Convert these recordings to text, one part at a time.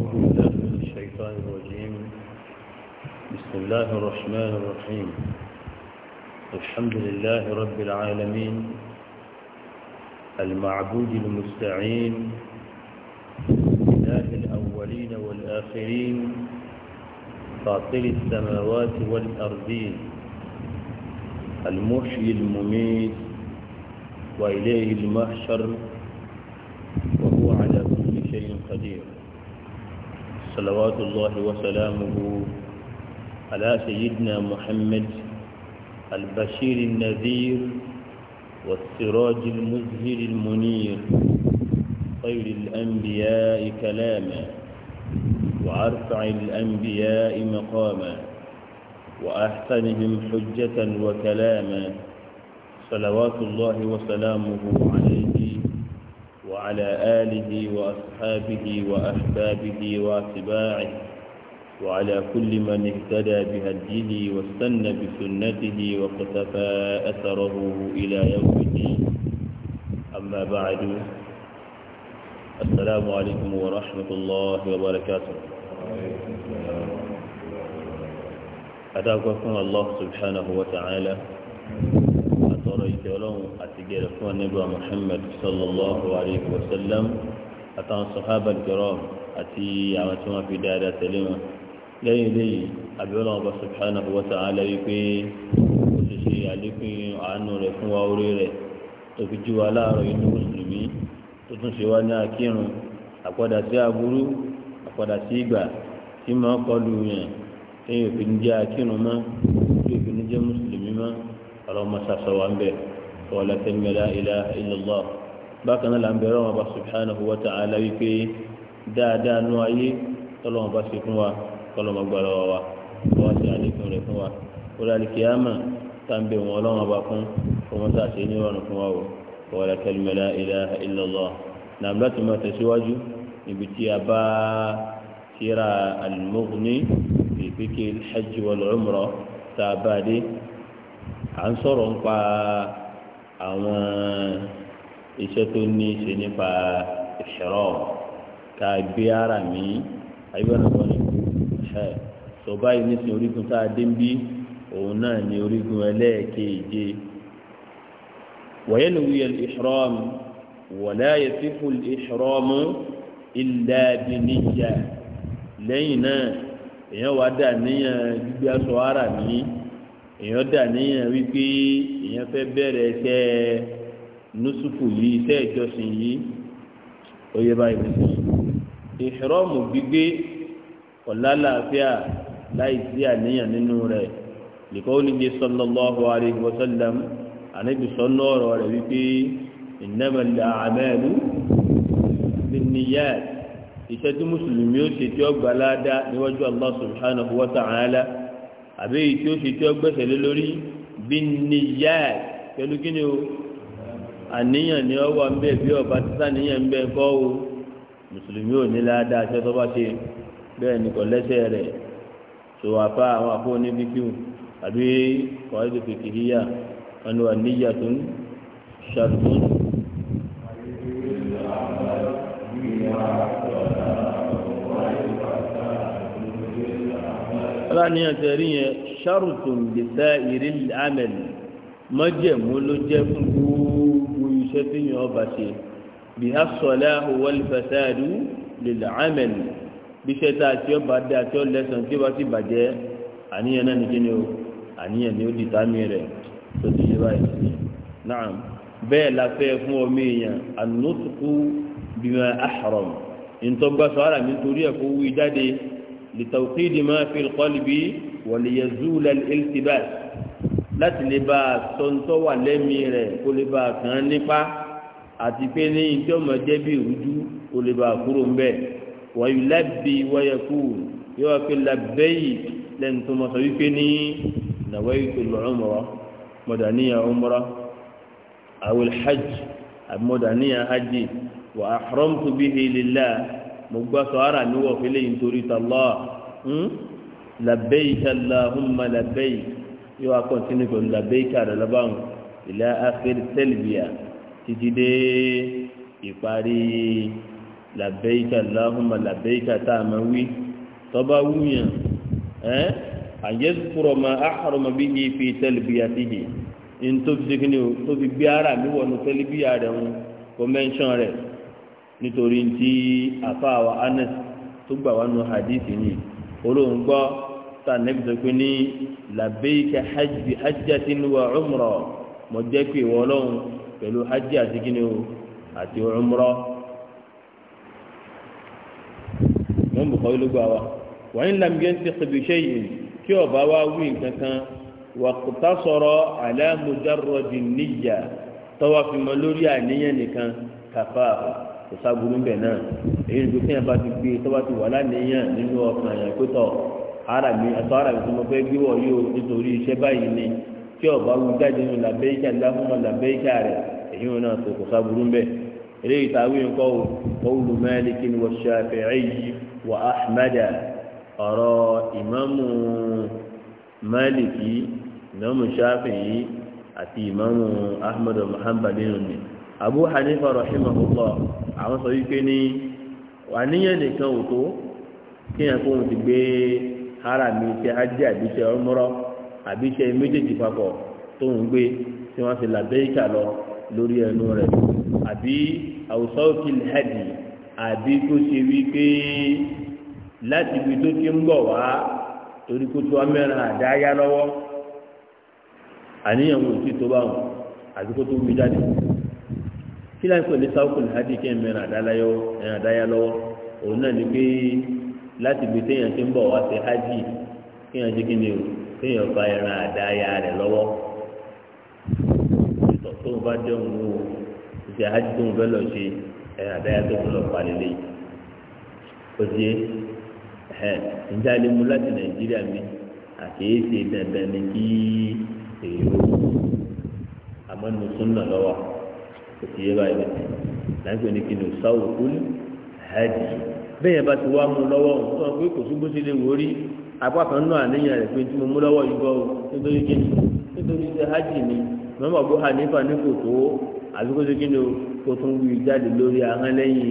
أعوذ بالله من الشيطان الرجيم بسم الله الرحمن الرحيم الحمد لله رب العالمين المعبود المستعين إله الأولين والآخرين فاطر السماوات والأرضين المحيي المميت وإليه المحشر وهو على كل شيء قدير صلوات الله وسلامه على سيدنا محمد البشير النذير والسراج المزهر المنير خير الأنبياء كلاما وأرفع الأنبياء مقاما وأحسنهم حجة وكلاما صلوات الله وسلامه عليه وعلى آله وأصحابه وأحبابه واتباعه وعلى كل من اهتدى بهديه واستنى بسنته واقتفى أثره إلى يوم الدين أما بعد السلام عليكم ورحمة الله وبركاته أتاكم الله سبحانه وتعالى àtọ̀rọ̀ ìtẹ́ ọlọ́run àti gẹ̀rẹ̀ fún anábíwá muhammed sallallahu alayhi wa sallam àtàwọn sọ̀hábà jọrọ̀ àti àwọn tí wọ́n fi dáadáa tẹ̀lé wọn lẹ́yìn eléyìí àbíọ́lá ọba subhanahu wa ta'ala wípé ó ti ṣe àlékún àánú rẹ̀ fún wa orí rẹ̀ tó fi jí wa láàárọ̀ inú mùsùlùmí tó tún ṣe wá ní akírun àpadà sí aburú àpadà sí ìgbà tí máa kọlu yẹn tí yóò fi ní jẹ́ akírun mọ́ tí yóò fi ní jẹ́ mùsùlùmí mọ́ ọlọ́mọ sàṣọ wa ń bẹ̀ wọlé tẹ́lẹ̀mẹ́lá ilá ilọ́lọ́ bákan náà là ń bẹ̀rẹ̀ wọn bá subhanahu wa ta'ala wípé dáadáa nú ayé tọ́lọ́mọ bá ṣe fún wa tọ́lọ́mọ gbára wa wọ́n ṣe àlékún rẹ̀ fún wa wọlé alikiyama tá ń bẹ̀ wọn ọlọ́mọ bá fún wọn sàṣe ní ìrọ̀rùn fún wa o wọlé tẹ́lẹ̀mẹ́lá ilá ilọ́lọ́ nàbí láti máa tẹ̀síwájú níbi tí a bá tíra alimọ́gùnì ìpínkì hajj wọlé ọmọrọ tá a bá dé à ń sọ̀rọ̀ nípa àwọn iṣẹ́ tó ní í ṣe nípa ìṣẹ̀rọ̀ ká gbé ara mi ayélujára wọn ẹ sọ báyìí nísìnyí orígun tá a dé ń bí òun náà ní orígun ẹlẹ́ẹ̀keje wọ́yẹ́lùwí ìṣẹ̀rọ̀ mi wọ́lá yẹ fífò ìṣẹ̀rọ̀ mu ilẹ̀ abìníjà lẹ́yìn náà èèyàn wá dà níyàn gbígbé aṣọ ara mi èèyàn dà níyàn wípé èèyàn fẹ́ bẹ̀rẹ̀ iṣẹ́ nusufu yìí iṣẹ́ ìjọsìn yìí ó yẹ báyìí nìyí ìṣòrọ́mù gbígbé ọ̀làlàáfíà láì sí àníyàn nínú rẹ̀ lìkọ́ oníbi sọlọ́lọ́hu aríhì wọ́sọ́lẹ̀m ànábì sọ́nù ọ̀rọ̀ rẹ̀ wípé ìnámẹ̀lẹ̀ àmẹ́lú nìyà iṣẹ́ tí mùsùlùmí ó ṣe tí ó gbà ládàá níwájú allah subhanahu wa ta'ala àbí èyí tí ó ṣe tí ó gbẹ̀sẹ̀ lé lórí bí níyà pẹ̀lú kí ni o àníyàn ni ọwọ́ ń bẹ̀ bí ọba títà níyàn ń bẹ̀ kọ́ o mùsùlùmí ò ní ládàá aṣọ tó bá ṣe bẹ́ẹ̀ ni kò lẹ́sẹ̀ rẹ̀ sòwàfà àwọn àpò oníbíkú àbí kọ́ ẹ́ tó fi kìhíyà wọn ni wà níyà tó ń ṣàtúntò tọ́lá ní ẹ̀tẹ̀rí yẹn ṣàrùtùn gbèsè ìrírí amẹ̀lì mọ́jẹ̀mú ló jẹ́ fún gbogbo iṣẹ́ tí yẹn ọba ṣe bí a sọ̀lá wọlé fẹsẹ̀rù lèlè amẹ̀lì bí iṣẹ́ tá a ti ọba dé àti ọlẹ́sàn tí ó bá ti bàjẹ́ àníyàn náà nìkí ni o àníyàn ni ó di tá rẹ̀ tó ti yé báyìí náà bẹ́ẹ̀ la fẹ́ fún ọmọ èèyàn ànútukú bímọ àhọ̀rọ̀ ntọ́gbàsọ ara lìtàwùkìdì máa fi kọ́lìbì wọ̀lìyẹ̀zúlẹ̀ ìltibas láti lè bá a sọ̀ńtọ́ wà lẹ́mí rẹ̀ kó lè bá a kàn án nípa àti pé ní ìjọ mọ̀ jẹ́ bí ìrújú kó lè bá a kúrò ń bẹ̀ wọ̀nyí lábì wọ́yẹ̀kú yóò fi làbẹ́yì lẹ́nu tó mọ̀ sọ wípé ní nàwẹ́yì tó lọ́rùn mọ́ mọ̀dàníyà ọmọrọ́ àwòl hajj àbí mọ̀dàníyà hajj wà á xọ́rọ́mtò bíi hìlélá mo gbọ́ sọ́hárà níwọ̀ fílẹ̀ yìí nítorí tọ́lọ́ labẹ́yì aláhùnmá labẹ́yì yóò wá kọ́ntínú pẹ̀lú labẹ́yì kàrẹ́ lọ́bàrún ìlà áfírí tẹ́lifíà títí dé ìparí labẹ́yì aláhùnmá labẹ́yì kàtà àmà wí tọ́ba wúyàn ẹ́ àyẹ́sùkúrọ̀ máa àhàrọ̀mọ́ bí yìí fi tẹ́lifíà tìhì ní tóbi ṣe kí ni ara mi wọ̀ ní tẹ́lifíà rẹ̀ ń kọ́mẹ́ńṣán rẹ̀ nítorí tí àfáàwà anas tó gbà wá nu hadithi ni olóhùn gbọ́ tá nẹ́bí sọ pé ní làbẹ́yìká hajjati wa umrọ mo jẹ́ pé ìwọ ọlọ́run pẹ̀lú hajj àti kíni o àti umrọ. wọ́n bù kọ́ ló gbà wá wọ́n ń làm yẹn ti ṣèbí ṣẹ́yìn kí ọba wa wí nǹkan wàkùtà sọ̀rọ̀ aláàmúdárọ̀dì níyà tọ́wọ́ fi mọ lórí àníyàn nìkan kàfáà kò sábúrú ń bẹ̀ náà èyí ni pé kéèyàn bá ti gbé tó bá ti wà lánìyàn nínú ọkàn àyàn pé tọ̀ ara mi àtọ́ ara mi tó mo fẹ́ gbé wọ̀ yóò nítorí iṣẹ́ báyìí ni tí ọba wù jáde nínú làbẹ́yíkà láfúnmọ́ làbẹ́yíkà rẹ̀ èyí wọn náà tó kò sábúrú ń bẹ̀ eléyìí tàwí nǹkọ́ o kọ́wùlù mẹ́lìkì ni wọ́n ṣàfẹ́ẹ́yì wà áhmẹ́dà ọ̀rọ̀ ìmọ̀mù mẹ́lìkì ìmọ̀mù ìmọ̀mù abu hanifa rahimahullah àwọn sọ wípé ní wà níyẹn nìkan ò tó kíyàn kó ti gbé hara mi ṣe hajj àbí ṣe ọmọrọ àbí ṣe méjèèjì papọ̀ tó ń gbé tí wọ́n ti làbẹ́yìkà lọ lórí ẹnu rẹ̀ àbí àwùsọ́ọ̀kì lẹ́ẹ̀dì àbí kó ṣe wípé láti ibi tó ti ń bọ̀ wá torí kó tó amẹ́rin àdáyá lọ́wọ́ àníyàn wò sí tó bá àbí kó tó gbé jáde kí láì pè ní sáwùkù làádì kí ẹ mẹ́rin àdáyọ ẹ̀rìn àdáyà lọ́wọ́ òun náà ni pé láti gbé téèyàn ti ń bọ̀ wá sí hajj kéèyàn ti kí ni o kéèyàn fa ẹ̀rìn àdáyà rẹ̀ lọ́wọ́ ìtọ̀ tó bá jẹ́ òun o haji hajj tó ń fẹ́ lọ ṣe ẹ̀rìn àdáyà tó ń lọ pa lélẹ̀ òsì ẹ̀ ǹjẹ́ alẹ́ mu láti nàìjíríà mi àkèéṣe dandan ni kí èrò àmọ́ nùsùn náà lọ́wọ́ kò sí yé báyìí bẹ́ẹ̀ láti ní kí ni sáwò kúlù hajj bẹ́ẹ̀ bá ti wá mú lọ́wọ́ tó wọn pé kò sí gbósí lè wórí apá kan náà àníyàn rẹ̀ pé tí mo mú lọ́wọ́ yìí gbọ́ nítorí kí ni nítorí ṣe hajj ni mọ́mọ́ bó hanifa ní kò tó àbí kó ṣe kí ni kó tún wí jáde lórí ahọ́n lẹ́yìn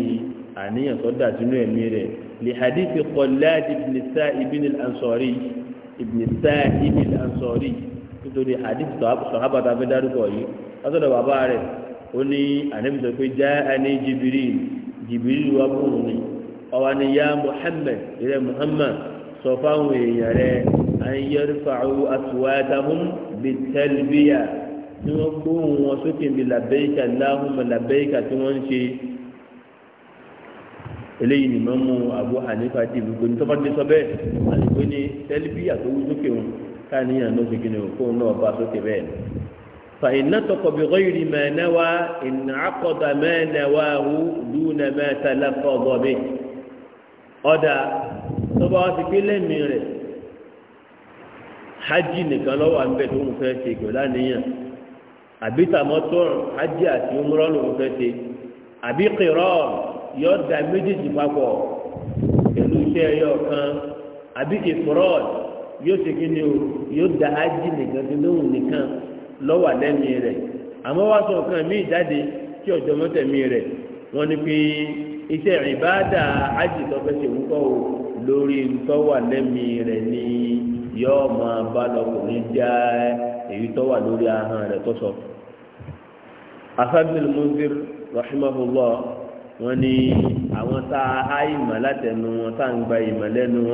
àníyàn tó dà sínú ẹ̀mí rẹ̀ lè hadithi kọ́láàdì ibìnisa ibìnil ansori ibìnisa ibìnil ansori nítorí hadithi sọ̀hábàtà fẹ́ dárúkọ yìí wọ́n sọ̀rọ̀ bàbá rẹ̀ ó ní ànábìsọ pé já ẹni jìbìrìl jìbìrìl wa fún òun ni ọwọ́ ni ya muhammed rẹ muhammad sọ fáwọn èèyàn rẹ ayélujára àtúwádàmún bíi tẹlifíà tí wọ́n gbóhùn wọn sókè bíi làbẹ́yìká láhùnmọ̀ làbẹ́yìká tí wọ́n ń ṣe eléyìí ni mọ́mú abu hanifa ti ibi gbóni tọ́ba ti sọ bẹ́ẹ̀ àti gbóni tẹlifíà tó wú sókè wọn káàníyàn ló ti gbin òkú náà bá sókè bẹ́ẹ̀. فإنتق بغير ما نوى إن عقد ما نواه دون ما تلفظ به ọ̀dà tó bá wá ti pé lẹ́mí rẹ̀ hajj nìkan lọ́wọ́ à ń bẹ̀ tó ń fẹ́ ṣe pẹ̀lú àníyàn àbí tàmọ́tọ́rùn hajj àti umrọ́ ló ń fẹ́ ṣe àbí kìrọ́ yọ da méjèèjì papọ̀ pẹ̀lú iṣẹ́ ẹyọ kan àbí ìfúrọ́ọ̀d yóò ṣe kí ni o yóò da hajj nìkan tó lóhùn nìkan. lọ́wà lẹ́mí rẹ̀ àmọ́ wá sọ nǹkan míì jáde tí ọjọ́ mọ́tẹ̀mí rẹ̀ wọ́n ní pé iṣẹ́ ìbáàdà ájì tó o lórí ntọ́wà lẹ́mí rẹ̀ ni yọ́ọ́ máa bá lọkùnrin já èyí tọ́wà lórí ahọ́n rẹ̀ tó sọ. wọn ní àwọn tá a ìmọ̀ látẹnu wọn tá gba ìmọ̀ wọn nínú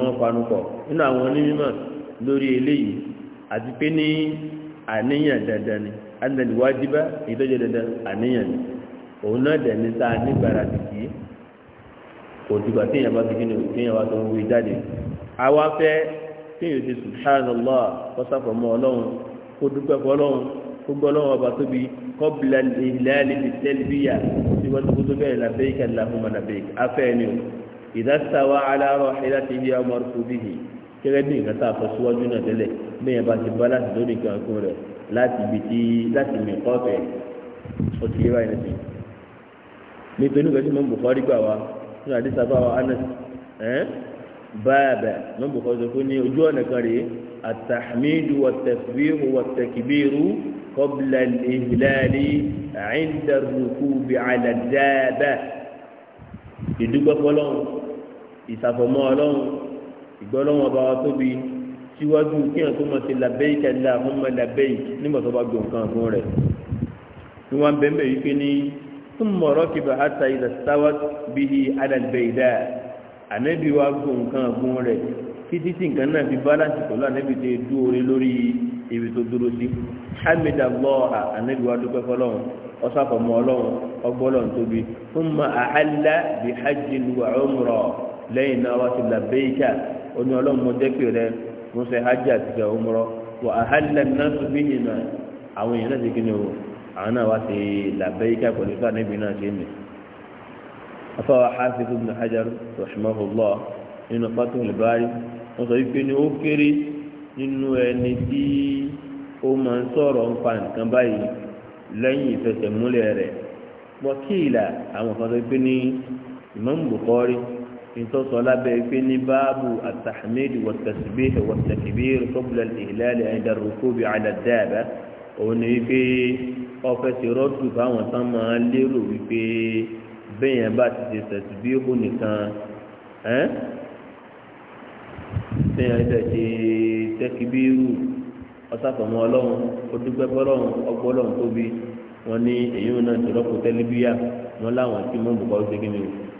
àwọn onímọ̀ lórí eléyìí àti pé àníyàn dandan ni anàlìwájúbá ìtọ́jú dandan àníyàn ni òun náà dẹ̀ni tá a nígbàrà tìkì kò dìgbà tí èèyàn bá ti kí ni òkè èèyàn wá tó ń wí jáde àwa fẹ́ kí èèyàn ti subhana allah kọ́sàfọ̀ mọ́ ọlọ́run kó dúpẹ́ fọ́ ọlọ́run kó gbọ́ ọlọ́run ọba tóbi kọ́bìlà ìlàlì ti tẹ́lifíyà tí wọ́n ti kó tó bẹ́ẹ̀ làbẹ́yìí kàlá fún mọ́ afẹ́ ni ìdásítáwà alárọ̀ ìlàtìyà ọmọ gẹ́gẹ́ bí nǹkan tá a fọ síwájú náà tẹ́lẹ̀ bẹ́ẹ̀ bá ti bá láti lórí nǹkan ọkùnrin rẹ̀ láti ibi tí láti mi kọ́ ọ̀fẹ́ ó ti yé báyìí nìsín. nítorí nǹkan tí mo ń bò fọ́ rí gbà wá nínú àdìsá bá wa anas báàbà mo ń bò sọ pé ní ojú ọ̀nà kan rèé àtàmídù wàtẹ̀fìrù wàtẹ̀kìbìrù kọ́bìlà ìhìláàlì àìndàrúkú bí àlàdáàbà ìdúgbọ́fọ́ lọ́hùn ìsàfọ̀mọ́ ọlọ́hùn ìgbọ́lọ́wọ́n ọba wa tóbi síwájú kí ẹ̀ tó mọ̀ sí làbẹ́yì kẹlẹ́ àmúmọ̀ làbẹ́yì nígbà tó bá gbọ̀ nǹkan fún rẹ̀ ni wọ́n bẹ́ẹ̀ bẹ́ẹ̀ wípé ní túnmọ̀ rọ́kìbà àtà ìdà sáwà bíi adàlbẹ̀ìdà ànẹ́bí wa gbọ̀ nǹkan fún rẹ̀ títí tí nǹkan náà fi báláǹsì pẹ̀lú ànẹ́bí tó dú orí lórí ibi tó dúró sí hamida lọ́ọ̀hà ànẹ́bí wa dúpẹ́ fọlọ́run ọ̀sàfọ̀mọ́ ọlọ́run oní ọlọ́run mo jẹ́ pé rẹ mo fẹ́ hajj àtijọ́ ọmọrọ wà á hàlẹ̀ náà tó bí yìí náà àwọn èèyàn náà ti kíni o àwọn náà wá sí làbẹ́ yíká pẹ̀lú sáà níbi náà ṣe mí. afọwọ́ hafiz ibn hajar rahimahullah nínú fatih olùbárí wọ́n sọ wípé ni ó kéré nínú ẹni tí ó máa ń sọ̀rọ̀ ń fa nǹkan báyìí lẹ́yìn ìfẹsẹ̀múlẹ̀ rẹ̀ wọ́kìlà àwọn kan sọ wípé ni ìmọ̀ ìtọ́sọ̀ lábẹ́ pé ní báàbù àtàhàmẹ́dì wàtàsíbíhì wàtàkìbíhì kọ́bùlẹ̀ ìhìlẹ́lẹ̀ àìdàrúkóbi àdàdàbà òun ni wípé ọfẹ́ ti rọ́tù fáwọn tán máa lérò wípé bẹ́yẹn bá ti ṣe tàsíbíhù nìkan bẹ́yẹn ti ṣe tẹ́kìbíhù ọ̀sàfọ̀mọ́ ọlọ́run ọdúgbẹ́fọ́ ọlọ́run ọgbọ́ ọlọ́run tóbi wọn ní èyí náà ti rọ́pò tẹ́lẹ́bíyà wọn láwọn tí mọ́ bùkọ́ ṣe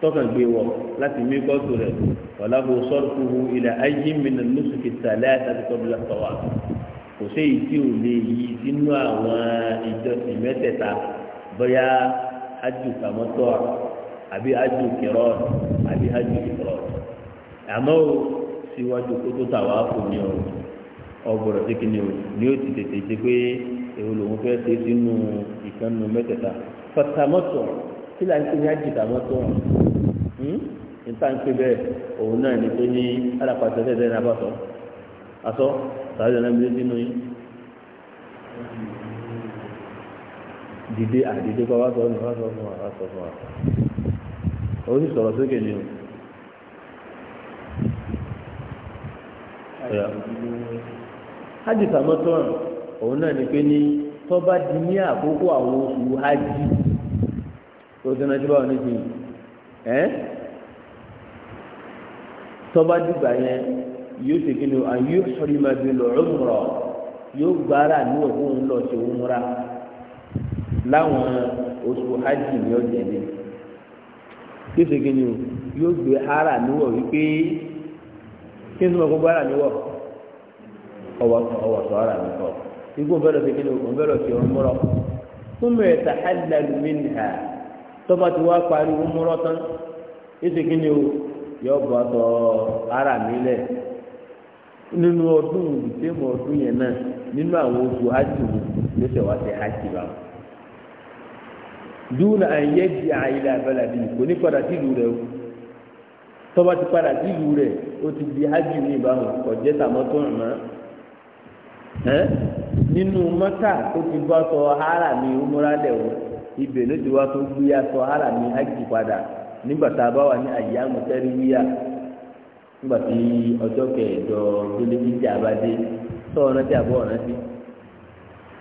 tọkàn gbé wọ láti mí kọ́tù rẹ̀ wàlábò sọ́ọ̀kùhù ilẹ̀ ayé mìíràn lóṣùkì tàlẹ́ àtàkọ́bílà tọ́wà kò séyìí tí ò lè yí sínú àwọn ìjọsìn mẹ́tẹ̀ẹ̀ta bóyá ájú kàmọ́tọ́ àbí ájú kẹrọ àbí ájú kẹrọ àmọ́ o síwájú kótó tàwa kò ní ọ ọgbọ̀rọ̀ tí kìíní o ni ó ti tètè ṣe pé èwo lòun fẹ́ ṣe sínú ìkànnù mẹ́tẹ̀ẹ̀ta fọ́tàmọ́tọ̀ kí là ń pè ní àjìká mọ́tò wọn hmm? nípa ń pè bẹ́ẹ̀ òun náà ní pé ní alápàtà tẹ́tẹ́ ní abọ́sọ̀ asọ́ sàrẹ́ ìdáná mi nínú yín dìde àdìde kọ́ wá sọ ọ́ nù wá sọ fún wa wá sọ fún wa ó sì sọ̀rọ̀ sókè ni o. hajj sàmọ́tò òun náà ní pé ní tọ́ba di ní àkókò àwọn oṣù hajj. tó ti báwọn níbi ẹ tọ́ba dìgbà yẹn yóò ṣe kí ni o àyè sọ̀rọ̀ ìmọ̀ bí lọ ọ̀rọ̀ yóò gbára ní òun lọ òun múra láwọn oṣù hajj ni ṣe kí ni o yóò gbé ara níwọ̀ wípé kí ni wọ́n kó gbára níwọ̀ ọwọ́ sọ ara níwọ̀ igun bẹ́rẹ̀ ṣe kí ni o bẹ́rẹ̀ ṣe òun múra fún tọ́ba ti wá parí umrọ́ tán èsì kí ni o yọ bọ́ àtọ̀ ara mi lẹ̀ nínú ọdún ìdìtẹ́mọ̀ ọdún yẹn náà nínú àwọn oṣù hajj mi ló ṣe wá sí hajj bá wọn. dúró náà yẹ di àyílẹ̀ abẹ́lẹ̀ bíi kò ní padà sí ìlú rẹ̀ o tọ́ba ti padà sí ìlú rẹ̀ ó ti di hajj mi bá wọn kọ̀jẹ́ tàmọ́tò rẹ̀ nínú mọ́tà tó ti bọ́ sọ ara mi umrọ́ lẹ̀ wọ́n. ibẹ̀ ló ti wá tó gbéyà sọ ara mi ájì padà nígbà tá ya bá wà ní àyè amọ̀tẹ́rì wíyà nígbà tí ọjọ́ kẹẹ̀dọ́ gbélé jíjẹ abadé sọ ọ̀nà tí àbọ̀ ọ̀nà sí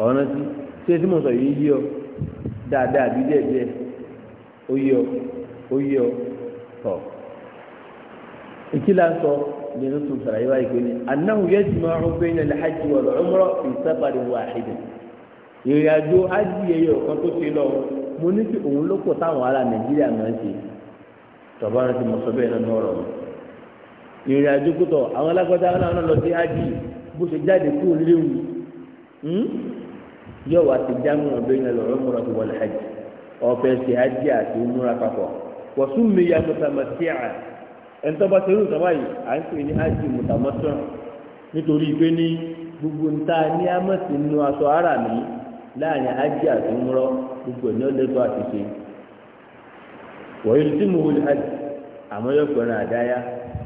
ọ̀nà sí ṣé tí mo sọ yìí yí ọ dáadáa bí díẹ̀díẹ̀ ó yí ọ ó yí ọ sọ tó sàlàyé wáyé pé ní anáhùn máa ń gbé ní alhaji wà fi wà ìrìn àjò ájì ẹyọ kan tó ṣe lọ mo ní kí òun ló pọ̀ táwọn ará nàìjíríà máa ń ṣe tọ́ba rántí mo sọ bẹ́ẹ̀ nínú ọ̀rọ̀ mi ìrìn àjò kútọ̀ àwọn alágbádá náà lọ sí ájì bó ṣe jáde kúrò léwu hmm? yóò wá sí jámù ọ̀bẹ́yìn lọ́rọ́ múra tó wọlé ájì ọ̀fẹ́ ṣe ájì àti múra papọ̀ wọ́sùn mi ya mùtàmọ́tíà ẹ̀ńtọ́ba ṣe irú ìtàwá yìí à ń pè ní ájì mùtàmọ́tíà nítorí pé gbogbo ń ta ní ámọ̀sí nínú aṣọ ara mi láàrin ájí àti múrọ́ gbogbo ẹ̀ ní ó lẹ́tọ́ àti ṣe wọ́n tí mo wù hajj àmọ́ yóò pẹ̀rọ àdáyá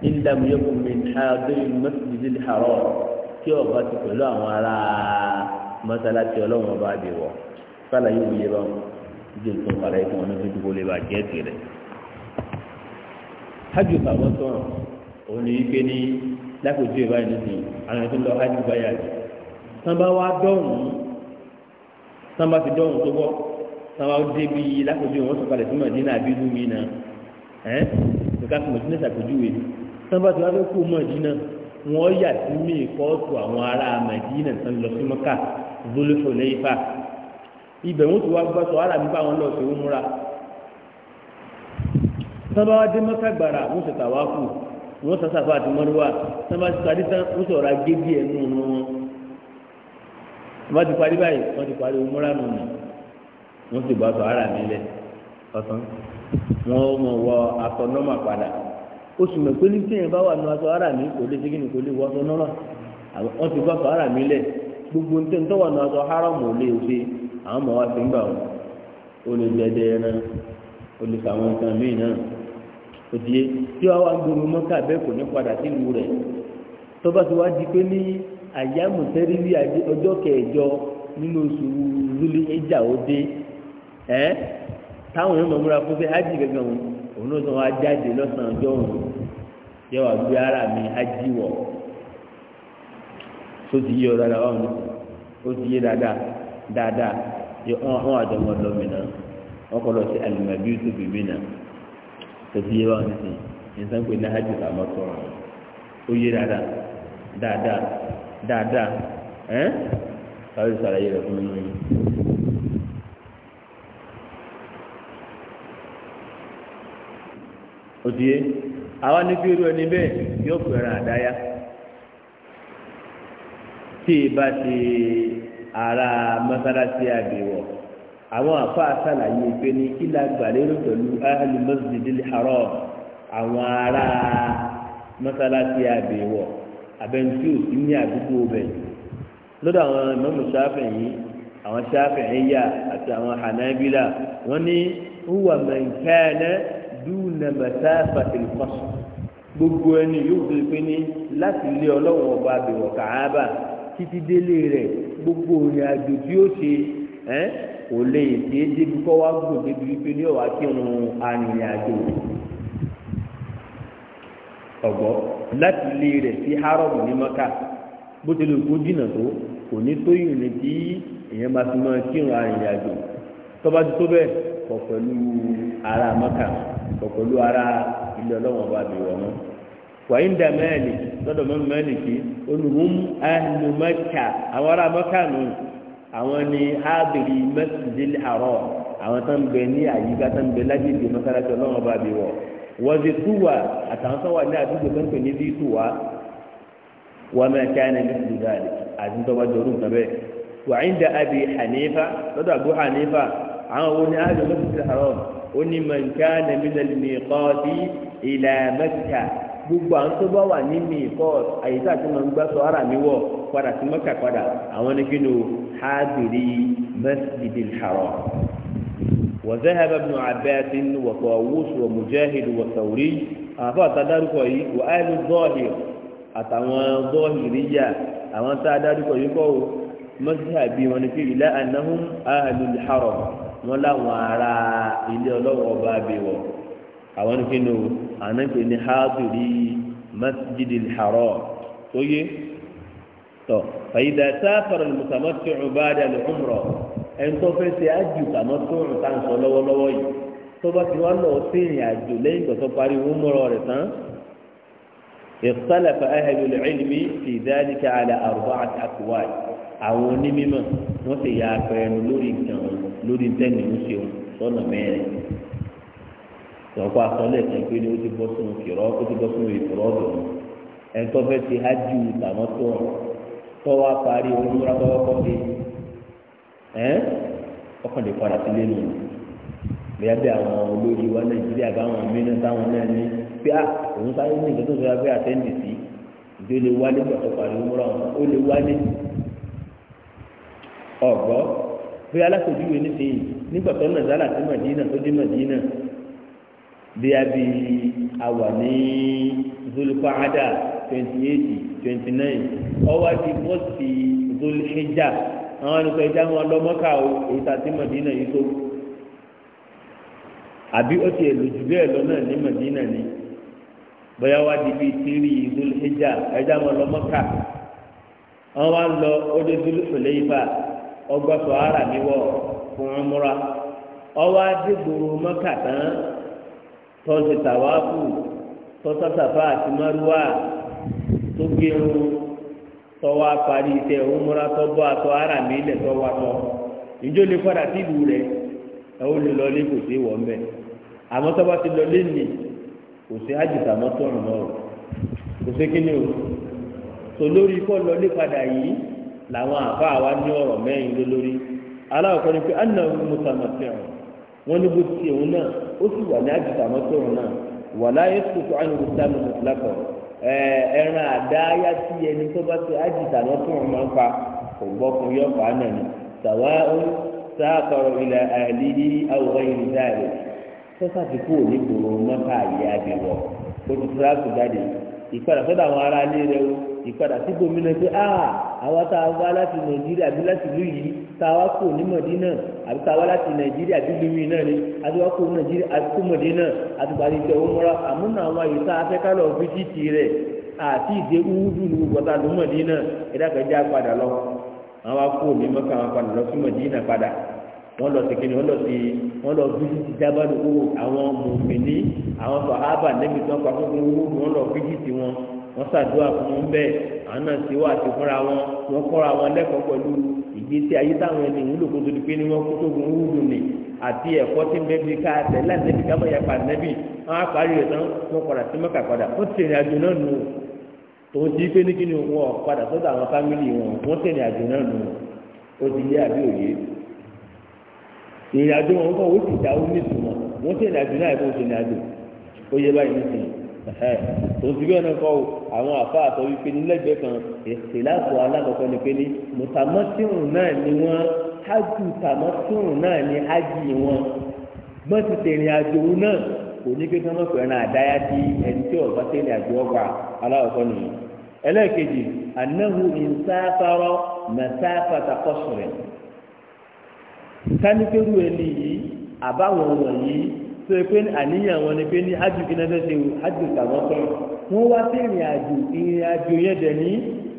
nígbà mi yóò kún mi hábẹ́rẹ́ mọ́sídìí àrọ́ kí ọba ti pẹ̀lú àwọn ará mọ́sálásí ọlọ́run ọba àbẹ̀wọ̀ sálà yóò wúye bá wọn ìdí nǹkan padà yìí fún wọn lójú kó lè bá jẹ́ tirẹ̀. hajj bàbá sọ̀rọ̀ òun ni wípé ní lápòjú ìbáyìí nìyí àwọn ẹ̀sìn lọ hajj báyà tán bá wá dọ́ọ̀mù tán bá ti dọ́hùn tó gbọ́ tán bá dé bí lápòjú wọn sọ̀kalẹ̀ sí mọ̀dínà àbí ìlú mi náà ẹ́ nǹkan tí mọ̀dínà sàpèjúwe tán bá ti wá fẹ́ kó mọ̀dínà wọn yà sí mí kóòtù àwọn ará mọ̀dínà tán lọ sí mọ́kà zolófò lẹ́yìnfà ibẹ̀ wọn ti wá gbọ́ sọ ara mi bá wọn lọ sí wọn múra tán bá wá dé mọ́kà gbàrà wọn sì tàwa kù wọn sàṣàfà àti mọ́rúwà tán bá ti parí tán wọn sọ̀rọ̀ agége ẹnu wọn wọ́n ti parí báyìí wọ́n ti parí umura nù wọ́n ti ara mi lẹ̀ ọ̀sán wọ́n mọ̀ wọ aṣọ nọ́mà padà oṣù mẹ́pẹ́ ní tíyẹn bá wà nù aṣọ ara mi kò lè ṣégin kò lè wọ aṣọ nọ́mà wọ́n ti bọ́ ara mi lẹ̀ gbogbo ní wà nù aṣọ ò lè ṣe àwọn ọmọ wa ti ń bà wọn lè lè fàwọn nǹkan míì náà tí wàá gbogbo àyàmù tẹ́rìwì ọjọ́ kẹjọ nínú oṣù lulí ìjà òde ẹ́ táwọn yóò mọ̀múra fún pé ájì gẹ́gẹ́ wọn òun náà sọ̀rọ̀ ajáde lọ́sàn-án òun yẹ wà gbé ara mi ájì wọ̀ tó ti yé ọ dáadáa wọn ó ti yé dáadáa dáadáa yẹ wọn àwọn mi náà wọn lọ sí tó náà tó ti yé pé ájì kà ó yé dáadáa dáadáa. dáadáa ẹ́n káwé sàlàyé rẹ̀ fún mi. òdìye àwa ní bí irú ẹni bẹ́ẹ̀ yóò fẹ́ràn àdáyá tí ìbá ti ara mọ́sálásí àbẹ̀wọ̀ àwọn àfa sàlàyé pé ní kí la gbàlérò pẹ̀lú ahlul masjidil haram àwọn ará mọ́sálásí àbẹ̀wọ̀ abẹ́ntí òsì ní àdúgbò bẹ̀. lọ́dọ̀ àwọn ìmọ̀mù sáfẹ̀ yìí àwọn sáfẹ̀ ẹ̀yà àti àwọn hànábílà wọ́n ní wúwà mẹ̀ǹkẹ́ẹ̀nẹ́ dúnà mẹ́sáfà tìlùkọ́sù gbogbo ẹni yóò tó pé ní láti lé ọlọ́wọ́n ọba àbẹ̀wọ̀ kàába títí délé rẹ̀ gbogbo òrìn àjò tí ó ṣe ẹ́ kò lè ṣe é débi kọ́ wá gbòdébi wípé ní ọ̀wá kírun arìnrìn àjò ọ̀gbọ́ láti lé rẹ̀ sí haram ní mọ́kà bó ti lè kó jìnnà tó kò ní tó yìí ní tí èèyàn bá fi máa kírun arìnrìn àjò tọ́ba ti tó bẹ́ẹ̀ kọ̀ pẹ̀lú ara mọ́kà kọ̀ pẹ̀lú ara ilé ọlọ́wọ́n bá mi wọ̀ mọ́. wàyí ń da mẹ́ẹ̀lì lọ́dọ̀ mọ́ mẹ́ẹ̀lì kí olùhùn ahìlú mẹ́kà àwọn ará mọ́kà nù àwọn ni ábìrì mẹ́sìdìlì àwọn tó ń bẹ ní àyíká tó ń bẹ lágbègbè mọ́kàlá wọ́n ti túwà àtàwọn tó wà ní àdúgbò tó ń pè ní bí túwà wọ́n mẹ́ta ẹ̀ ní ìdúrà rẹ̀ àti tó bá dọ̀rùn kan bẹ́ẹ̀. wà á ń da abi hanifa lọ́dọ̀ àbú hanifa àwọn wo ni àlọ́ ló fi haram ó ní mọ̀nká nàmínà mi kọ́ sí ilà gbogbo àwọn tó bá wà ní mi kọ́ àyíká tí wọ́n gbá sọ ara mi wọ̀ padà sí mọ́kà padà àwọn ní kí ni o hábìrì mẹ́sìdìl haram. وذهب ابن عباس وطاووس ومجاهد والثوري àfọ àtàdárúkọ yìí wà á lù zọ́ọ̀hì àtàwọn zọ́ọ̀hìríyà àwọn tá a dárúkọ yìí kọ́ mọ́síhàbí wọn ni pé ìlà ànáhùn àhàlùlù harọ̀ wọn láwọn ará ilé ọlọ́wọ́ ọba àbẹ̀wọ̀ àwọn ní kíni o ànágbé ni hàbìrì mọ́síjìdì harọ̀ tó yé tọ́ fàyídà sáfàrà lùmùsàmọ́tì ọ̀bá dàlù ọmọrọ̀. ẹnitọ́ fẹ́ ṣe ájù tàmọ́ tó ń ta nǹkan lọ́wọ́lọ́wọ́ yìí tó bá ti wá lọ sí ìrìn àjò lẹ́yìn tó parí wọn mọ́rọ̀ rẹ̀ tán ìsálàfà ahẹ́lú ìlmi ìdáríkà àlà àrùbá àti àkùwá àwọn onímọ̀ wọ́n ti ya apẹ̀rẹ̀ lórí nǹkan lórí tẹ́ni ń ṣe sọ́nà mẹ́rin tọ́kọ́ àtọ́lẹ̀ pé ti bọ́ kìrọ́ ti bọ́ tọ́wọ́ parí ẹ́ ọkàn lè padà sílé nù bẹ́ẹ̀ bí àwọn olórí wa nàìjíríà báwọn mìíràn táwọn náà ní pé à ah, òun sáré ní ìgbésẹ̀ tó yà pé àtẹ́ǹdì sí ìdí ó lè wálé gbọ̀tọ̀ pàdé múra wọn ó lè wálé ọ̀gbọ́ bí alákòjú wo nísìnyí nígbà tó náà zálà sí màdínà tó dé màdínà bí a bí awà ní zulukọ́ twenty eight twenty nine ọwọ́ àti bọ́ọ̀sì zulhijjah. àwọn ẹnìkọ ẹja wọn lọ mọ́kà o èyí tàbí mọ̀dínà yìí tó àbí ó ti èlò jù bẹ́ẹ̀ lọ ní mọ̀dínà ni bóyá wá di bíi tírì ìdúró ẹja ẹja wọn lọ mọ́kà wọn wá lọ dúró fèlè ara níwọ̀ fún wọn múra ọwọ́ adégbòrò mọ́kà tán tọ́sí tàwáfù tó gbé tọ́wọ́ parí iṣẹ́ òmùra tọ́gbọ́ àtọ́ ara mi lẹ̀ tọ́wọ́ àtọ́ ìjọ lè padà sí ìlú rẹ̀ ẹ lè lọ lé kò sí wọ́n àmọ́ ti lọ lé nì kò sí àjùtà mọ́tò ọ̀rùn náà kò ni o tò lórí kọ́ lọ lé padà yìí làwọn àfa àwa ní ọ̀rọ̀ mẹ́rin aláwọ̀kọ́ ni pé àná mùsàmùsì ọ̀rùn wọn ní bó ti òun náà ó sì wà ní àjùtà mọ́tò ọ̀rùn náà wà láyé ẹran àdáyá tí ẹni tó bá ti ájìtà lọ́kùnrin máa ń fa kò gbọ́ fún yọ fà á nàní tàwa ó sáàkọrọ ilẹ̀ àìlíyí àwòrán yìí dáàrẹ̀ sọ́sà kú òní gbòòrò mọ́ta àyè àbẹ̀wọ̀ kó ti tíráàkù jáde ìpadà sọ́dọ̀ àwọn ará ilé rẹ̀ àwa tá a wá láti nàìjíríà àbí láti ìlú yìí tá a wá kó ní mọ̀dínà àbí tá a wá láti nàìjíríà àbí ìlú yìí náà ni àti wá kó nàìjíríà àti kó mọ̀dínà àti gbàdé ìjọ òun mọ́ra àmúnà àwọn àyè tá a fẹ́ ká lọ fi títì rẹ̀ àti ìdè wúdù ní gbogbo tá a lọ mọ̀dínà ìdákẹ́jẹ́ àpadà lọ àwọn wá kó ní mọ́kà wọn padà lọ sí mọ̀dínà padà wọ́n lọ sí kíni wọ́n lọ sí wọ́n lọ fíjìtì jábàlú owó àwọn mùmìnì àwọn sọ̀hábà nẹ́bí tí wọ́n pa fún owó wọ́n lọ fíjìtì wọn wọ́n ṣàdúrà fún wọn bẹ́ẹ̀ àwọn náà ti wá àti fúnra wọn wọ́n kọ́ra wọn lẹ́kọ̀ọ́ pẹ̀lú ìgbésí ayé táwọn ẹni ìwúlò kó tó di pé ní wọ́n kó tó gun wúlò nì àti ẹ̀kọ́ tí ń bẹ́ẹ̀ ká tẹ̀ lánàbí ká mọ̀ yàpá nàbí wọ́n á parí rẹ̀ tán wọ́n padà sí mọ́kà padà wọ́n ti rìn àjò náà nù tòun ti pé ní kíni wọn padà sọ́dọ̀ àwọn fámìlì wọn wọ́n ti rìn àjò náà nù ó ti yé àbí òye ìrìn àjò wọn kọ́ wọ́n ti dà ó ní ìtumọ̀ wọ́n ti rìn àjò náà tòsí bẹ́ẹ̀ náà kọ́ o àwọn àfa àtọ wípé nílẹ̀gbẹ́ kan ìsìláàfọ̀ alákọ̀ọ́kọ́ ni pé ní mùtàmọ́tìrùn náà ni wọ́n hajj tàmọ́tìrùn náà ni hajj wọn bọ́n ti tẹ̀rìn àjò òun náà kò ní pé kán mọ̀pẹ̀ náà àdáyá di ẹni tí ọ̀gbá tẹ̀rìn àjò ọgbà alákọ̀ọ́kọ́ nìyí. ẹlẹ́ẹ̀kejì anahu ìnsáfárọ́ mẹ́sáfàtà kọ́sùrẹ̀ kánípẹ́rù ẹni yìí àbáwọn wọ̀nyí tó yẹ pé àníyàn wọn ni pé ní hajj kí náà fẹ́ hajj tàwọn tán wọ́n wá sí ìrìn àjò ìrìn àjò yẹn dẹ̀ ní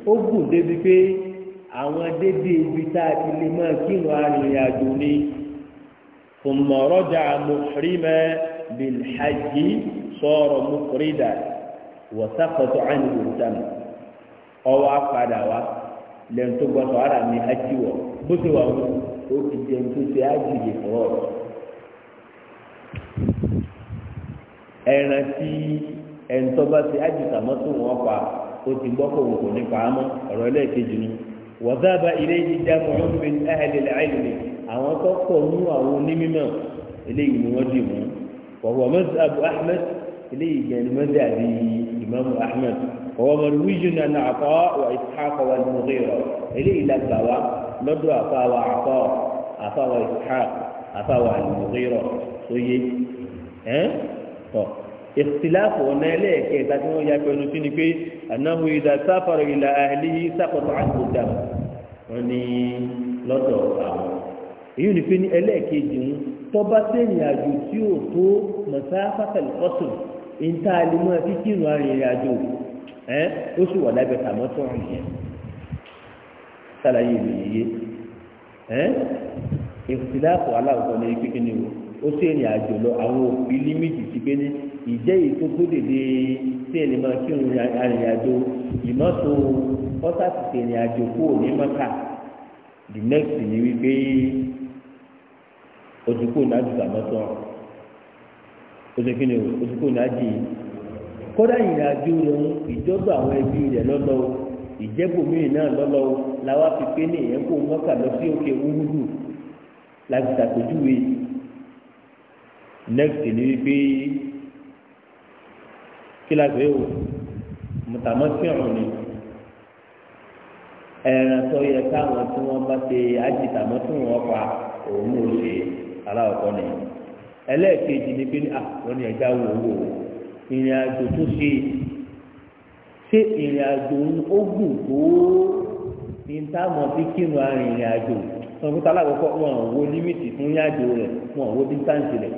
ó gùn débi pé àwọn dédé ibi tá a ti lè máa kírun arìnrìn àjò ni fòmọ̀rọ́jà mùsùlùmẹ́ bilhajj sọ̀rọ̀ mùkúrídà wọ́sàkọ̀tọ̀ ànìwòsàn ọwọ́ apàdà wa lẹ́nu tó gbọ́dọ̀ ara mi hajj wọ̀ bó ti wà wọ́n ó ti jẹun tó ṣe hajj yìí fọ́ọ̀rọ̀. ẹran tí ẹnitọ́ bá ti ájùtà mọ́tò wọn pa ó ti gbọ́ kó wò kò ní pa ọ̀rọ̀ ẹlẹ́ẹ̀kejì ni wọ́sáàbà ilé yìí já mọ́ ọ́n fi ẹ̀hẹ́lẹ́lẹ́ àìlè àwọn tó pọ̀ nú àwọn onímọ̀ eléyìí ni wọ́n dì mú ahmed eléyìí jẹ́ ẹnìmọ́sí àbí ìmọ̀mù ahmed wọ́wọ́ mọ́rù wíjù àkọ́ wà ìsáàkọ́ wà ní eléyìí àkọ́ ìsáàkọ́ tọ́ ìsìláàfù ọ̀nà ẹlẹ́ẹ̀kẹta tí wọ́n ya pẹ̀lú sí ni pé anáhu ìdá sáfàrọ̀ ìlà àìlí sápọ̀tọ̀ àgbòdà wọn ni lọ́dọ̀ àwọn èyí ni pé ní ẹlẹ́ẹ̀kejì ń tọ́ba sẹ́yìn àjò tí ò tó mọ̀sáfàtàlì ọ̀sùn ìta àlùmọ́ àti kírun arìnrìn àjò ẹ́ ó sì wà lábẹ́ tàmọ́tọ̀ yẹn sálàyé ìlú yìí ẹ́ ìsìláàfù aláwùjọ ní kíkíní wò ó sì rìn àjò lọ àwọn òbí límìtì ti gbé ní ìjẹ́ èyí tó kó dèdè tí ẹni máa kí òun arìnrìn àjò ìmọ́tò ọ́sà ti àjò kúrò ní mọ́tà the next ni wípé òsìkò ní àdùgbà mọ́tò òsìkò ní òsìkò ní àjì kódà ìrìn àjò rẹ̀ ń ìjọba àwọn ẹbí rẹ̀ lọ́lọ́ ìjẹ́bùmíì náà lọ́lọ́ làwọn fi pé ní ìyẹn kó mọ́tà lọ sí òkè wúhúdù láti ṣàpèjúwe next ni wípé kílàgbé o mùtàmọ́sí ọ̀run ni ẹran tó yẹ káwọn tí wọ́n bá ṣe àjìtàmọ́ tí wọ́n pa òun ò ṣe aláwọ̀kọ́ ni ẹlẹ́ẹ̀kejì ni pé àwọn ah, ẹja wò wò ìrìn àjò tó ṣe ṣé ìrìn àjò ó gùn tó ní táwọn fi kírun arìnrìn àjò sọ fún wọn ò wo límìtì fún ìrìn àjò rẹ̀ wọn ò wo dísáǹtì rẹ̀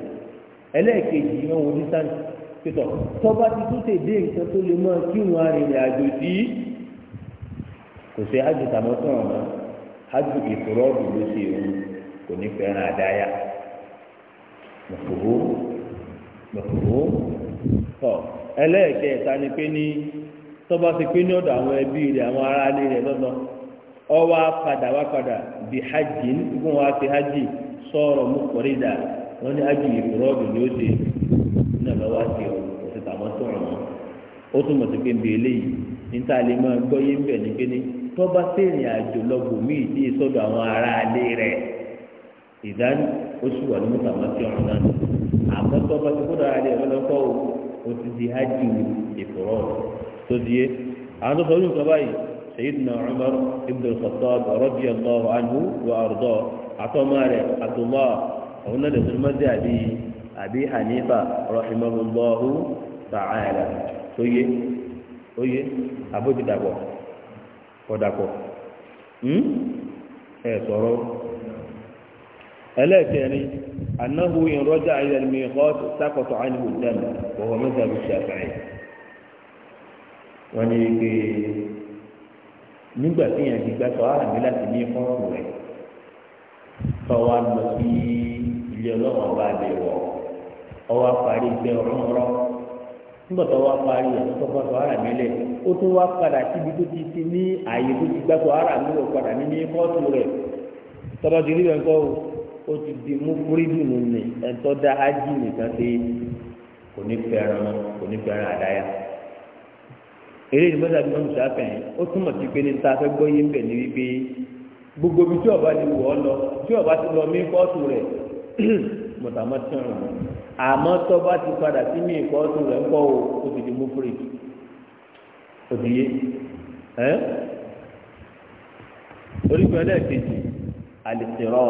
ẹlẹ́ẹ̀kejì yẹn wò dísàn pẹ̀tọ̀ tọ́ba ti tún tèdè nǹkan tó lè mọ kí wọn arìnrìn àjò dí kò sí ájò tàmọ́tàn ọ̀nà ájò ìfúrọ́ọ̀dù ló ṣe òun kò ní fẹ́ràn àdáyà mọ̀kòwó mọ̀kòwó tọ́ ẹlẹ́ẹ̀kẹta ni pé ní tọ́ba ti pé ní ọ̀dọ̀ àwọn ẹbí rẹ̀ àwọn aráalé rẹ̀ lọ́dọ̀ ọwọ́ apàdà hajj ń wa ti hajj wọ́n ní ájú ìfúrọ́ọ̀bù ni ó ṣe ní àbáwá sí ọ òsì tàwọn tó ràn wọ́n ó túmọ̀ sí pé nbẹ eléyìí ní tá a lè máa gbọ́ yé nbẹ̀ ní kíní tó bá sẹ́yìn àjò lọ́gbọ̀n míì tí ì sọ́dọ̀ àwọn ará alé rẹ̀ ìdáni ó sì wà ní mùsàmá sí ọ̀run náà àmọ́ tó bá ti rẹ̀ lọ́lọ́kọ́ o ó ti di ájú ìfúrọ́ọ̀bù tó di yé àwọn tó sọ orí nǹkan báyìí سيدنا عمر بن الخطاب رضي الله عنه وأرضاه أعطى ماله òun náà lẹ́sìn mọ́tẹ́ àbí àbí hanifa rahimahullahu ta'ala tó yé tó yé àbójúdàpọ̀ kọ̀dàpọ̀ hmm? ẹ sọ̀rọ̀ ẹlẹ́ẹ̀kẹrin anahu ìrọ́jà ayélujára mìíràn sákòtò ànihù dẹ́m wọ́n mẹ́ta bí ṣàfihàn wọ́n ní pé nígbà tí yẹn ti gbà sọ àmì láti ní fọ́ọ̀mù rẹ̀ tọ́wọ́ lọ sí ìdí ọlọ́run ọba àbẹ̀wọ̀ ọwọ́ parí ìgbẹ́ ọ̀run rọ nígbà tó wá parí ẹ̀ tó ó tún wá padà síbi tó ti ti ní àyè tó ti padà ní ní kóòtù rẹ̀ tọ́ba ti rí bẹ́ẹ̀ kọ́ o ó ti di mú fúrídùnú ni ẹ̀tọ́ ájì nìkan ṣe kò ní fẹ́ràn kò ní fẹ́ràn àdáyà eré ìdìbò sábà ó sí pé ní ta fẹ́ gbọ́ gbogbo tí ọba mọ̀tàmọ́tì ọ̀rọ̀ àmọ́ tó bá ti padà sí mi ìkọ́ tó rẹ̀ ń kọ́ o ó ti di múfúrì ó ti yé ẹ́ orígun ẹlẹ́ẹ̀kejì alìsirọ́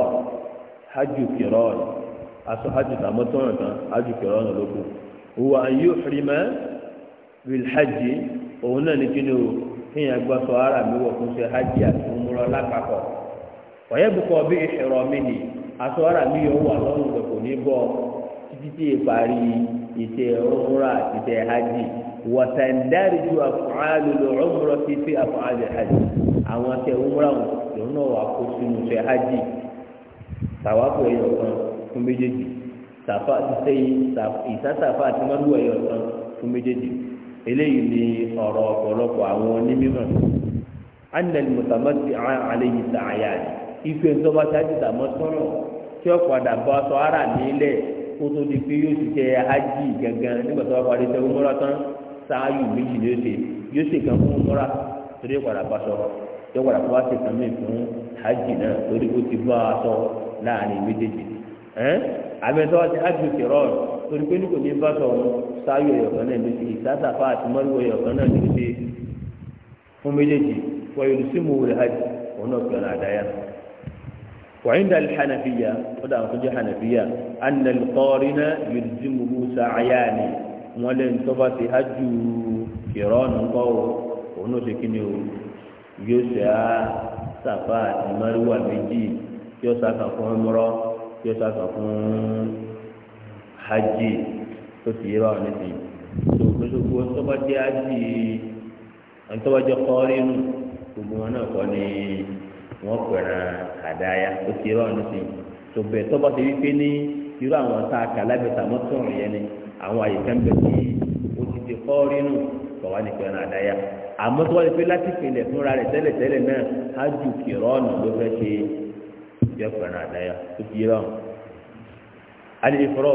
hajj kìrọ́ aṣọ hajj tàmọ́tì ọ̀rọ̀ tán hajj kìrọ́ ọ̀nà lóko wà yóò mẹ́ òun náà ní kíni o ara mi wọ̀ fún ṣe hajj àti múlọ́ lápapọ̀ wọ́n yẹ bukọ́ bí ìṣẹ̀rọ̀ mi nìyí. aṣọ ara mi yóò wà lọ́rùn rẹ̀ kò ní bọ́ títí tí ìparí ìṣe ọmúra àti ìṣe hajj wọ̀tẹ̀ndẹ́rì ju àfọ̀hálù lọ ọmúra sí sí àfọ̀hálù hajj àwọn ṣe ọmúra wọn lòun náà wà kó sínú ṣe hajj tàwákò ẹ̀yọ̀ kan fún méjèèjì sàfà sẹ́yìn ìsásàfà àti mọ́lú ẹ̀yọ̀ kan fún méjèèjì eléyìí ni ọ̀rọ̀ ọ̀pọ̀lọpọ̀ àwọn onímọ̀ anna musamman ti àwọn sàáyà ife ntọ́ba sáájú tàmọ́ sọ́rọ̀ tí ó padà bọ́ sọ ara nílẹ̀ kó tó di pé yóò ti jẹ ají gangan nígbà tó wà parí sẹ́ umura tán sááyù méjì ló ṣe yóò ṣe kan fún umura torí ó padà bọ́ sọ tó padà bọ́ ṣe kan mí fún ají náà torí ó ti bọ́ aṣọ láàrin méjèèjì àbẹ̀tọ́ ti ají ti rọ̀ torí pé ní kò ní bá sọ sááyù ẹ̀yọ̀kan وعند الحنفية قد أخرج حنفية أن القارن يلزمه سعيان ولن تبت هج كيران القور ونسكنه يسعى صفاء مروى مجي يسعى كفون عمره يسعى كفون حج تسيران في سوكسوكو تبت هج أن تبت قارن ثم نقني wọ́n pẹ̀rẹ̀ àdáyà ó ti rọ̀ nísìn tòbẹ̀ tọ́ba ti wípé ní irú àwọn tá a kà yẹn ni àwọn àyíká ń bẹ sí ó ti di kọ́ rínú bàbá ní pẹ̀rẹ̀ àdáyà àmọ́ tó wá lè pé láti pèlè fúnra rẹ̀ tẹ́lẹ̀ tẹ́lẹ̀ náà á ju kìrọ́ọ̀nù ló fẹ́ ṣe jẹ́ àdáyà ó ti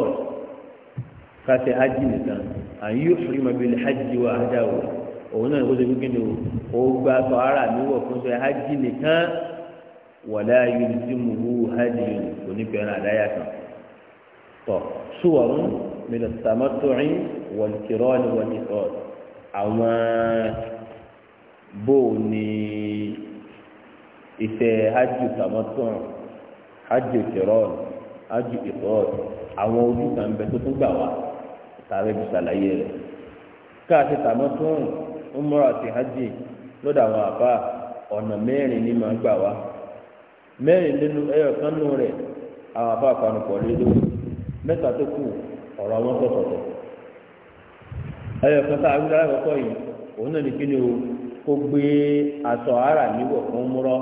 kásẹ̀ ájì nìkan àyè yóò hajj òun náà kó sẹ́kí kíni o ó gba sọ ara mi wọ̀ fún sẹ́ hajj nìkan wọ̀lá yìí tí mo hu hajj yìí kò ní bẹ̀rẹ̀ àdáyà kan tọ̀ sùwọ̀n mìíràn sàmọ́tòrin wọ̀lùkìrọ́ ni wọ̀lùkìrọ́ àwọn bóò ni ìfẹ́ hajj sàmọ́tòrin hajj kìrọ́ hajj ìfọ́ àwọn ojú kan bẹ tó tún gbà wá tààrẹ bisalaye rẹ káàtì sàmọ́tòrin. umra àti hajj lọ́dọ̀ àwọn àbá ọ̀nà mẹ́rin ni màá gbà wá mẹ́rin nínú ẹyọ kan nù rẹ̀ àwọn àbá mẹ́ta tó kù ọ̀rọ̀ ẹyọ kan tá a wíwá àkọ́kọ́ yìí òun náà ní kíni o kó gbé aṣọ ara níwọ̀ fún múrọ́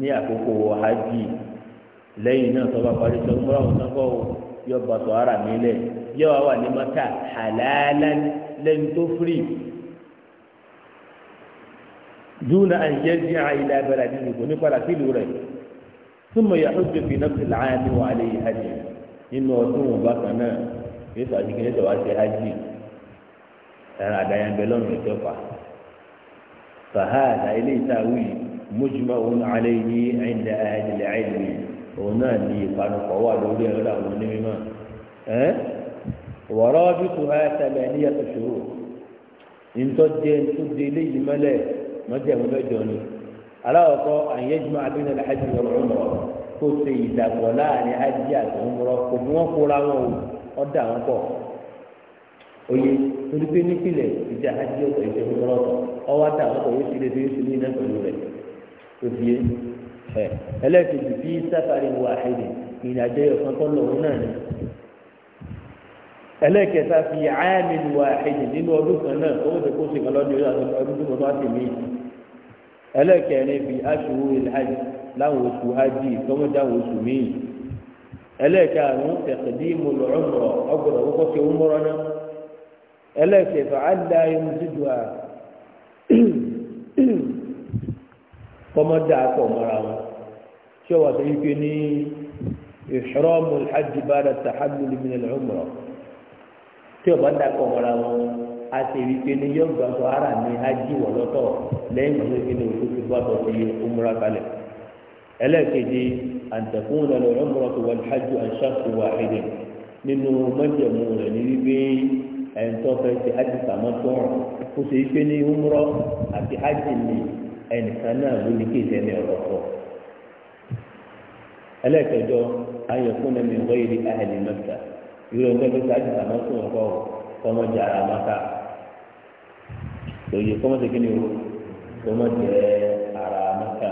ní àkókò hajj lẹ́yìn náà tọ́ba parí sọ múrọ́ o yọ bàtọ̀ ara mi lẹ̀ wà ní mọ́tà lẹ́yìn tó dúnà àyè jẹ́ àyílá abẹ́rẹ́ àdìyẹ kò ní padà sílùú rẹ̀ súnmọ̀ yàtọ̀ fi náà fi làáyà ní wà lè hajj nínú ọdún wọn bákan náà yóò fà sí kí nítorí wá sí hajj ẹ̀rọ àdáyà ń bẹ lọ́nà ìjọba fàhádà ilé ìtàwí mójúmọ́ òun àlẹ́ yìí ẹ̀ńdà àyẹ̀lẹ̀ àyẹ̀lẹ̀ òun náà ní ìpanupọ̀ wà lórí ẹ̀rọ àwọn onímọ̀ ẹ̀ wọ̀rọ̀ bí kò há sàlẹ̀ níyàtọ̀ ṣòro ntọ́jẹ́ ntọ́jẹ́ ilé yìí mọ́lẹ̀ mọ́jẹ̀mú mẹ́jọ ni aláwọ̀kọ́ àyẹ̀jùmọ́ abínà làhájì lọ́rọ̀ ọ̀nà kó ṣe ìdàpọ̀ láàrin ájí àtọ̀húnmọ́rọ́ kò mú wọn kóra wọn o ọ̀dà wọn pọ̀ oye torí pé nípìnlẹ̀ ìjà ájí ọ̀tọ̀ ìṣe ọ̀húnmọ́rọ́ ọwọ́ àtàwọn ọkọ̀ yóò ṣe lè ṣe ní iná pẹ̀lú rẹ̀ ẹlẹ́ẹ̀kejì sáfàrí wà ẹlẹ́kẹta fi àyàmìlú wa ẹ̀yìn nínú ọdún kan náà ó ti kó sìnkàn lọ́dún yóò àti ọdún tó bá ti mí ẹlẹ́kẹrin fi aṣòwò ìlàjì láwọn oṣù hajj tọ́mọdé àwọn oṣù míì ẹlẹ́kẹrin tẹ̀sídì mọ̀lọ́rọ̀ ọgbọ̀dọ̀ kọ́kọ́ ṣe ń mọ́rọ́ náà ẹlẹ́kẹfà aláyọ̀mù sídùá kọ́mọdé àpọ̀ mọ́ra wọn ṣé wàá sọ yìí pé ní ìṣòro tí ọba dàpọ̀ mọ́ra wọn a ti rí i pé ní yọ gbàgbọ́ ara mi á jí wọ̀ lọ́tọ̀ lẹ́yìn wọn lókè ní oṣù tó gbàgbọ́ sí umra balẹ̀ ẹlẹ́ẹ̀kejì àǹtẹ̀kùn lọ́lọ́ ọmọrọ̀ tó wà lójú àṣàkó wà ẹ̀dẹ̀ nínú mọ́jẹ̀mú rẹ̀ ní wípé ẹ̀ńtọ́ fẹ́ ti ájì sàmọ́tọ́ kó ṣe pé ní umra àti ájì ni ẹnìkan náà ló ní kéde ẹni ọ̀rọ̀ sọ ẹlẹ́ẹ̀kẹjọ ayọ̀kún lẹ́mìí wọ́n yẹ irú ẹgbẹ́ tó sáájú sàmọ́ tó wọn kọ́ kọ́mọ jẹ ara mọ́ta lóye kọ́mọ tó kíni o kọ́mọ jẹ ara mọ́ta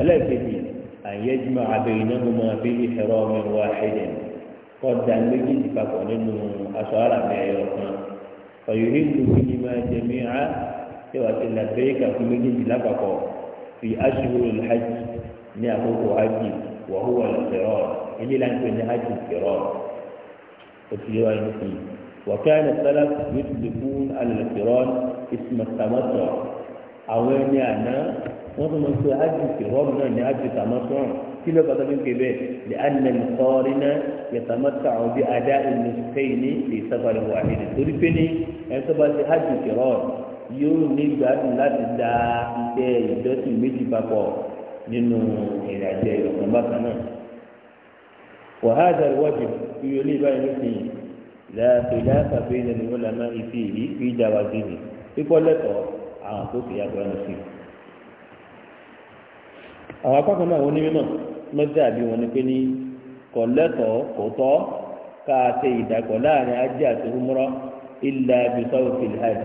ẹlẹ́ẹ̀kejì àyẹ́jùmọ̀ abẹ́yìn náà mo máa fi ìṣẹ̀rọ mi wá ẹ̀jẹ̀ kọ́dà méjèèjì papọ̀ nínú aṣọ ara mi ẹ̀yọ kan ọ̀yọ́rí ìlú kí ni máa jẹ mí á ṣé wàá ti làbẹ́yìn kàfún méjèèjì lápapọ̀ fi aṣọ ìlú ní àkókò hajj wọ́n lọ́sẹ̀rọ̀ ilé láti pè ní hajj kẹrọ̀ọ́. وتجيوا المسلمين وكان السلف يطلقون على القران اسم التمتع àwọn ẹni àná wọn fún mi pé ájìkì rọọmù náà ní ájìkì àmọsán kí ló bàtà nípa ibẹ lè ànà nìkọrin náà yàtàmọta àwọn bíi adá ìlú sẹyìn ní lè sábàlẹ wà nílẹ torí pé ní ẹni tó bá ti ájìkì rọọmù yóò ní gbádùn láti da iṣẹ ìdọsìn méjì papọ nínú ìrìnàjò ìrọ̀kùn bákan náà. وهذا الواجب يلي بين فيه لا خلاف بين العلماء فيه في جوازه يقول لك عاطف يا بن سيف àwọn apá kan náà wọn ní mímọ mẹta àbí wọn ni pé ní kọlẹtọ kò tọ ká ṣe ìdàkọ láàrin ajé àti húmọrọ ilẹ abisawo filhaj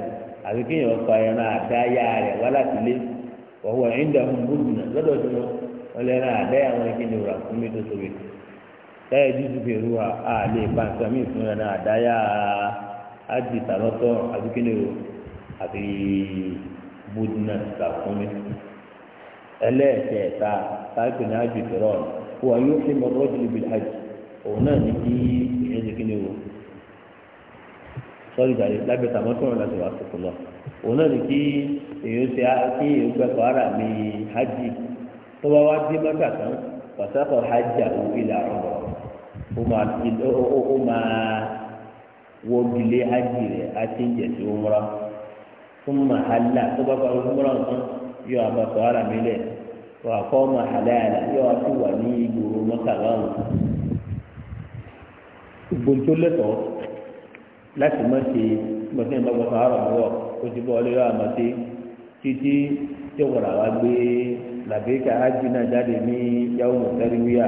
àbí kéèyàn fa ẹran àdáyà rẹ wá láti lé wọ́n wọ̀ ẹ́ ń dàrú bùdùnà lọ́dọ̀ tí wọ́n lẹ́ran àdáyà wọn kí ni rà fún mi tó tóbi láyé jújù bẹ̀rù wa a lè ba nǹkan mí fún ẹran àdáyà ájì tàlọ́tọ̀ àdúgbò àti bùdínà tàkúnmí ẹlẹ́ẹ̀kẹta táàgbìn náà jù tẹ̀rọ kó wa yóò fi mọ̀tò jù bí hajj òun náà ní kí ìyẹn ti kí ni o sọ́ọ́dì dàrí lábẹ́ tàmọ́tò rẹ̀ láti wà sọ̀tọ̀ lọ òun náà ní kí èyí ti kí èyí gbẹ́kọ̀ ara mi hajj tó bá wá dé mọ́tà tán pàṣẹ kọ̀ hajj àwọn ilẹ̀ àrùn ó máa fi ó máa wọ ilé hajj àti ìjẹ̀sí òmùra fún màhálà tó bá parí òmùra nǹkan yóò àbàtọ̀ ara mi lẹ̀ wà kọ́ màhálà yàrá yóò àti wà ní ìgboro mọ́tàláwọ̀ gbogbo tó lẹ́tọ̀ọ́ láti má ṣe gbọ̀nsẹ̀ ìbáwọ̀tọ̀ ara mi wọ̀ kó ti bọ́ ọ àmọ́ sí títí tí wọ́n wá gbé jáde ní yàwó wíyà.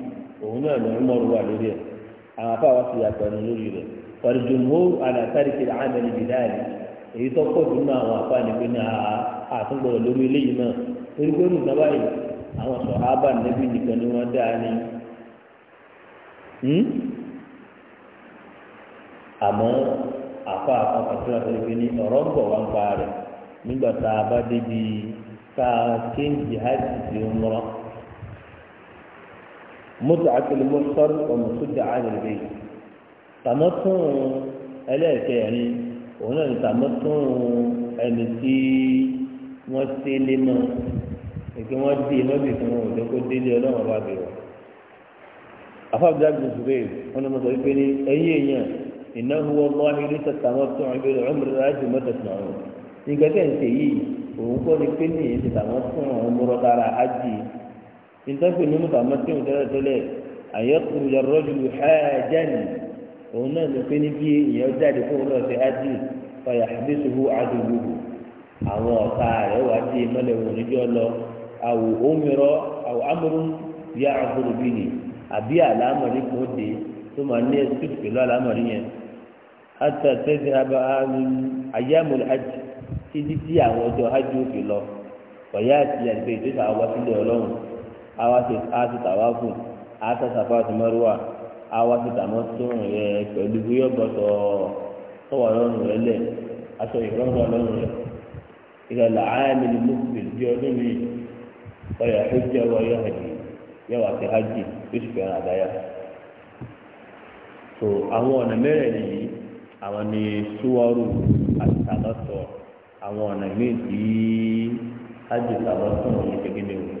òun náà ní ọmọrú wà lórí ẹ̀ àwọn afọ àwọn fìyà pẹ̀lú lórí rẹ̀ pàrọ̀jùmọ́ àlàkàrìkì àmẹ́lì bìdáàlì èyí tó pọ̀ jù náà àwọn afọ àníkú ní àtúngbọ̀rọ̀ lórí eléyìí náà torí pé olùkọ́ báyìí àwọn sọ̀hábà níbi nìkan ni wọ́n dáa hmm? ní àmọ́ àfa ní ọ̀rọ̀ ń bọ̀ wá ń pa rẹ̀ nígbà tá a bá débi ń rán. mọ́tàkìlì mọ́tàkìlì ọ̀mọ̀sọ́jà àgbègbè tàmọ́tún ẹlẹ́ẹ̀kẹrin òun náà ní tàmọ́tún ẹni tí wọ́n tẹ́lẹ̀ mọ́ èké wọ́n dé lọ́bì fún wọn òjò kó délé ọlọ́run bá bẹ̀rẹ̀ afábíyá gbèsè wọn mọ̀ sọ wípé ní ẹyí èèyàn ìnáwó wọn bá ilé tàmọ́tún ìbẹ̀rẹ̀ ọmọdé láti mọ́tàkìlì ọ̀hún nígbà tẹ̀ ń ṣe yìí òun kọ́ ni pé ní ìṣètàmọ́tún ọmọdé ìtọ́pẹ̀ ní mùtàmọ́tì òtẹ́lẹ̀tẹ́lẹ̀ àyẹ́kùn yọ̀rọ̀jù hajjani òun náà ló pé ní bí èèyàn jáde fún òun ọ̀sẹ̀ ájì fàyà àbísùwò àdúgbò àwọn ọ̀tá rẹ̀ wá sí mọ́lẹ̀ òun níjọ́ lọ àwò òmìnirọ́ àwò amúrún bí àkúrò bí ni àbí àlámọ̀rí kò dé tó máa ní ẹsẹ̀ pẹ̀lú àlámọ̀rí yẹn àtàtẹ́sẹ̀ àyàmùl àwa ti tàwáfù àti sàfà àti mẹ́rùwà àwa ti tàmọ́ sóhùn rẹ pẹ̀lú bóyá gbọ́dọ̀ tọ́wọ́ lọ́rùn rẹ lẹ̀ aṣọ ìrọ́wọ́ lọ́rùn rẹ ìrọ̀lẹ́ àyàmì ni mùsùlùmí di ọdún mi ọ̀yà hajj wa yọ hajj yẹwà ti hajj yóò sì fẹ́ràn àdáyà so àwọn ọ̀nà mẹ́rẹ̀ nìyí àwọn ni súwọ́rù àti tàbọ̀tọ̀ àwọn ọ̀nà míì tí hajj tàbọ̀tọ̀ wọn ní kékeré wọn.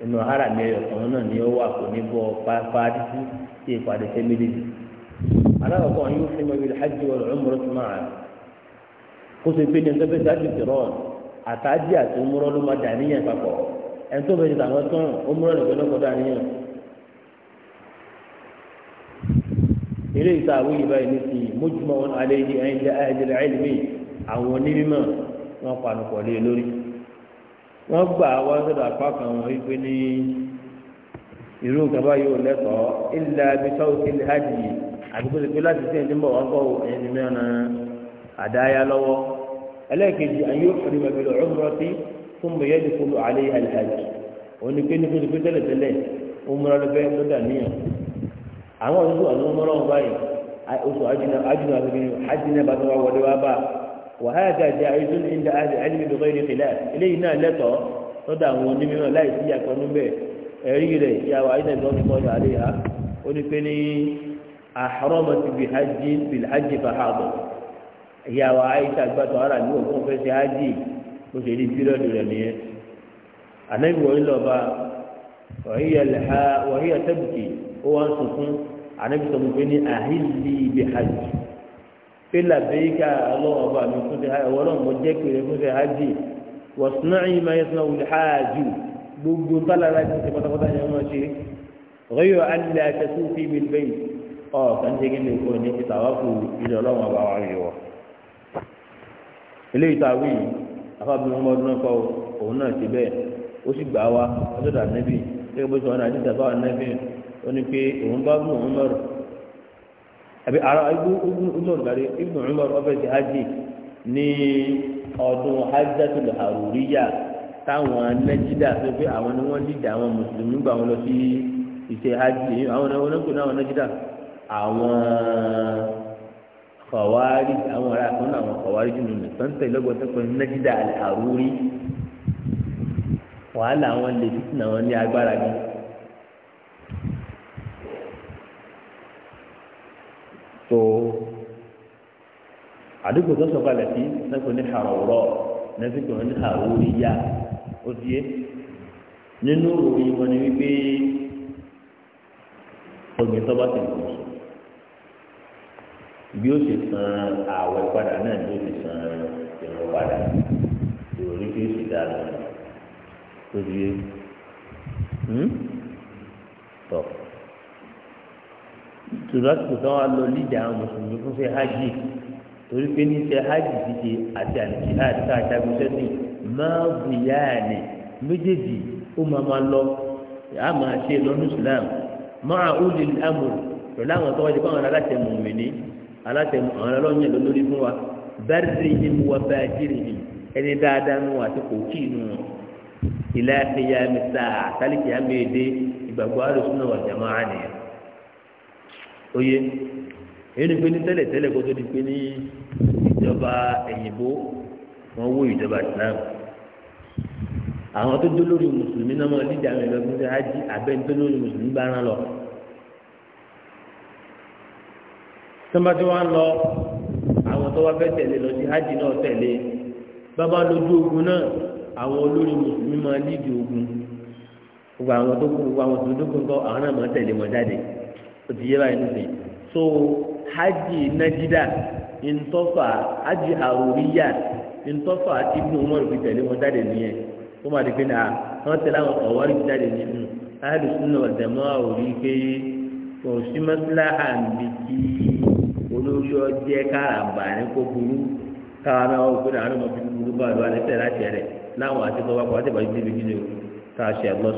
inú hara mi ẹyọ kan náà ni ó wà kò ní bọ fàájì sí ìpàdé tẹ méjèèjì alákọ̀ọ́kọ́ yóò fi mọ ibi hajj wal umrah tó máa kó so pé ní ẹjọ́ bẹ́ẹ̀ sáájú àtàjì àti ló máa dà níyẹn ẹni tó tàwọn tán ilé yìí báyìí ní ti àwọn onímọ̀ wọn pa e lórí. wọ́n gbà wá sọ́dọ̀ apá kan wọ́n wípé ní irú gaba yóò lẹ́tọ̀ọ́ ilẹ̀ abisáwò ti hajj àbíkó pé láti sèǹtì ń bọ̀ wọ́n kọ́ ẹni mìíràn àdáyà lọ́wọ́ ẹlẹ́ẹ̀kejì àyè òfin mẹ́fẹ́lẹ́ ọ̀mùrọ̀tì fún mẹ́yẹ́ ní kúlù alẹ́ alhajj òní pé ní kó ti pé tẹ́lẹ̀tẹ́lẹ̀ ọmọlọ́lọ́fẹ́ ló dà àwọn a. وهذا جائز عند أهل العلم بغير خلاف إلينا لتو تدع ونمي لا يسيك ونمي ريري يا وعيد الله عليها ونكني أحرمت بحج بالحج فحاضر ìyá wa aisha gbàtọ ara ní òkun fẹsẹ ájì bó ṣe di pírọdù rẹ nìyẹn anabi wọ̀nyí lọba wọ̀nyí ẹtẹbùkì ó wá ń sunkún anabi sọ fún mi ní àhìlì ibi hajj fela bẹ́ẹ̀ka ọlọ́wọ́ bá mi fún ṣe hajj ọwọ́ náà mo jẹ́ pèrè fún ṣe hajj wọ̀sùn náà yìí máa yẹ sọ́nà wùlẹ̀ hajj gbogbo tálára ti ṣe pátápátá yẹn wọ́n ṣe rẹ́yọ̀ alẹ́ àtẹ̀sùn fi mi bẹ́ẹ̀ ọ̀ kàńtẹ́gì lè kọ́ ní ìtàwáfù ilẹ̀ ọlọ́wọ́ bá wà yọ. ilé ìtàwé yìí afábíyàn ọmọ ọdún náà kọ́ òun náà ti bẹ́ẹ̀ ó sì gbà wá ọjọ́ àbí ara ọmọdé darí ibùdó ọmọ ọfẹ ti hajj ní ọdún hajjatul haruriya táwọn nẹjídà tó pé àwọn ni wọn dídà àwọn mùsùlùmí gbà wọn lọ sí ìṣe hajj àwọn onígbò náà wọn nẹjídà àwọn kọwárì àwọn ará kan náà àwọn kọwárì jùlọ nù sọńtẹ ìlọgbọtẹ pé nẹjídà àrùrí wàhálà àwọn lè fi sìn àwọn ní agbára bíi. so àdúgbò tó sọ̀kalẹ̀ sí nẹ́kùn ní àrọ̀rọ̀ nẹ́kùn ní àròríyá ó di é nínú òròyìn wọn ni wípé obìnrin tó bá ti kù sùn bí ó ṣe san ààwẹ̀ padà náà ni ó ṣe san ìrọ̀ padà ìròyìn tí ó sì dáa ó di é tòlásìkò tí wọn lọ lídìí àwọn mùsùlùmí fún fẹ hajj torí pé ní sẹ hajj dìde àti àlìjihad tá a jagun sẹsìn máa bù yáàni méjèèjì ó máa máa lọ a máa ṣe lọ́nù islam máa ó lè amò pẹ̀lú àwọn tó wájú fáwọn aláṣẹ mùmìnì aláṣẹ àwọn ọlọ́run yẹn lórí fún wa bẹ́ẹ̀rì ìmú wa bá jírí ni ẹni dáadáa nù àti kò kí nù ìlà ẹ̀yà mi sáà tálíkì àmì èdè ìgbàgbọ́ àrùsùn náà wà jàmáà nìyẹn oyè èyí ni pé ní tẹ́lẹ̀ tẹ́lẹ̀ kó tó di pé ní ìjọba ẹ̀yìnbó wọn wó ìjọba islam àwọn tó dó lórí mùsùlùmí náà máa lídìí àwọn ìlọgbìn tó hájí abẹ́ni tó lórí mùsùlùmí bá rán lọ. sọ́mbà tí wọ́n á lọ àwọn tó wá fẹ́ tẹ̀lé lọ sí hájí náà tẹ̀lé bàbá lójú ogun náà àwọn olórí mùsùlùmí máa lídìí ogun gbogbo àwọn tó kú gbogbo àwọn tó dókun kọ́ àwọn náà máa tẹ̀lé wọn jáde. òtí yé báyìí nìyí so hajji najida ntọ́fà hajj àròríyà ntọ́fà àti ibùdó wọn fi tẹ̀lé wọn jáde nìyẹn tó máa di pé náà wọn tẹ̀lé àwọn ọ̀wárí jáde nìyẹn ahlu sunna wal jamaa àwòrí pé kò sí o àmì kí olórí ọjẹ́ káràmbà ní kó burú káwa náà wọ́n gbé àwọn o káà ṣe àlọ́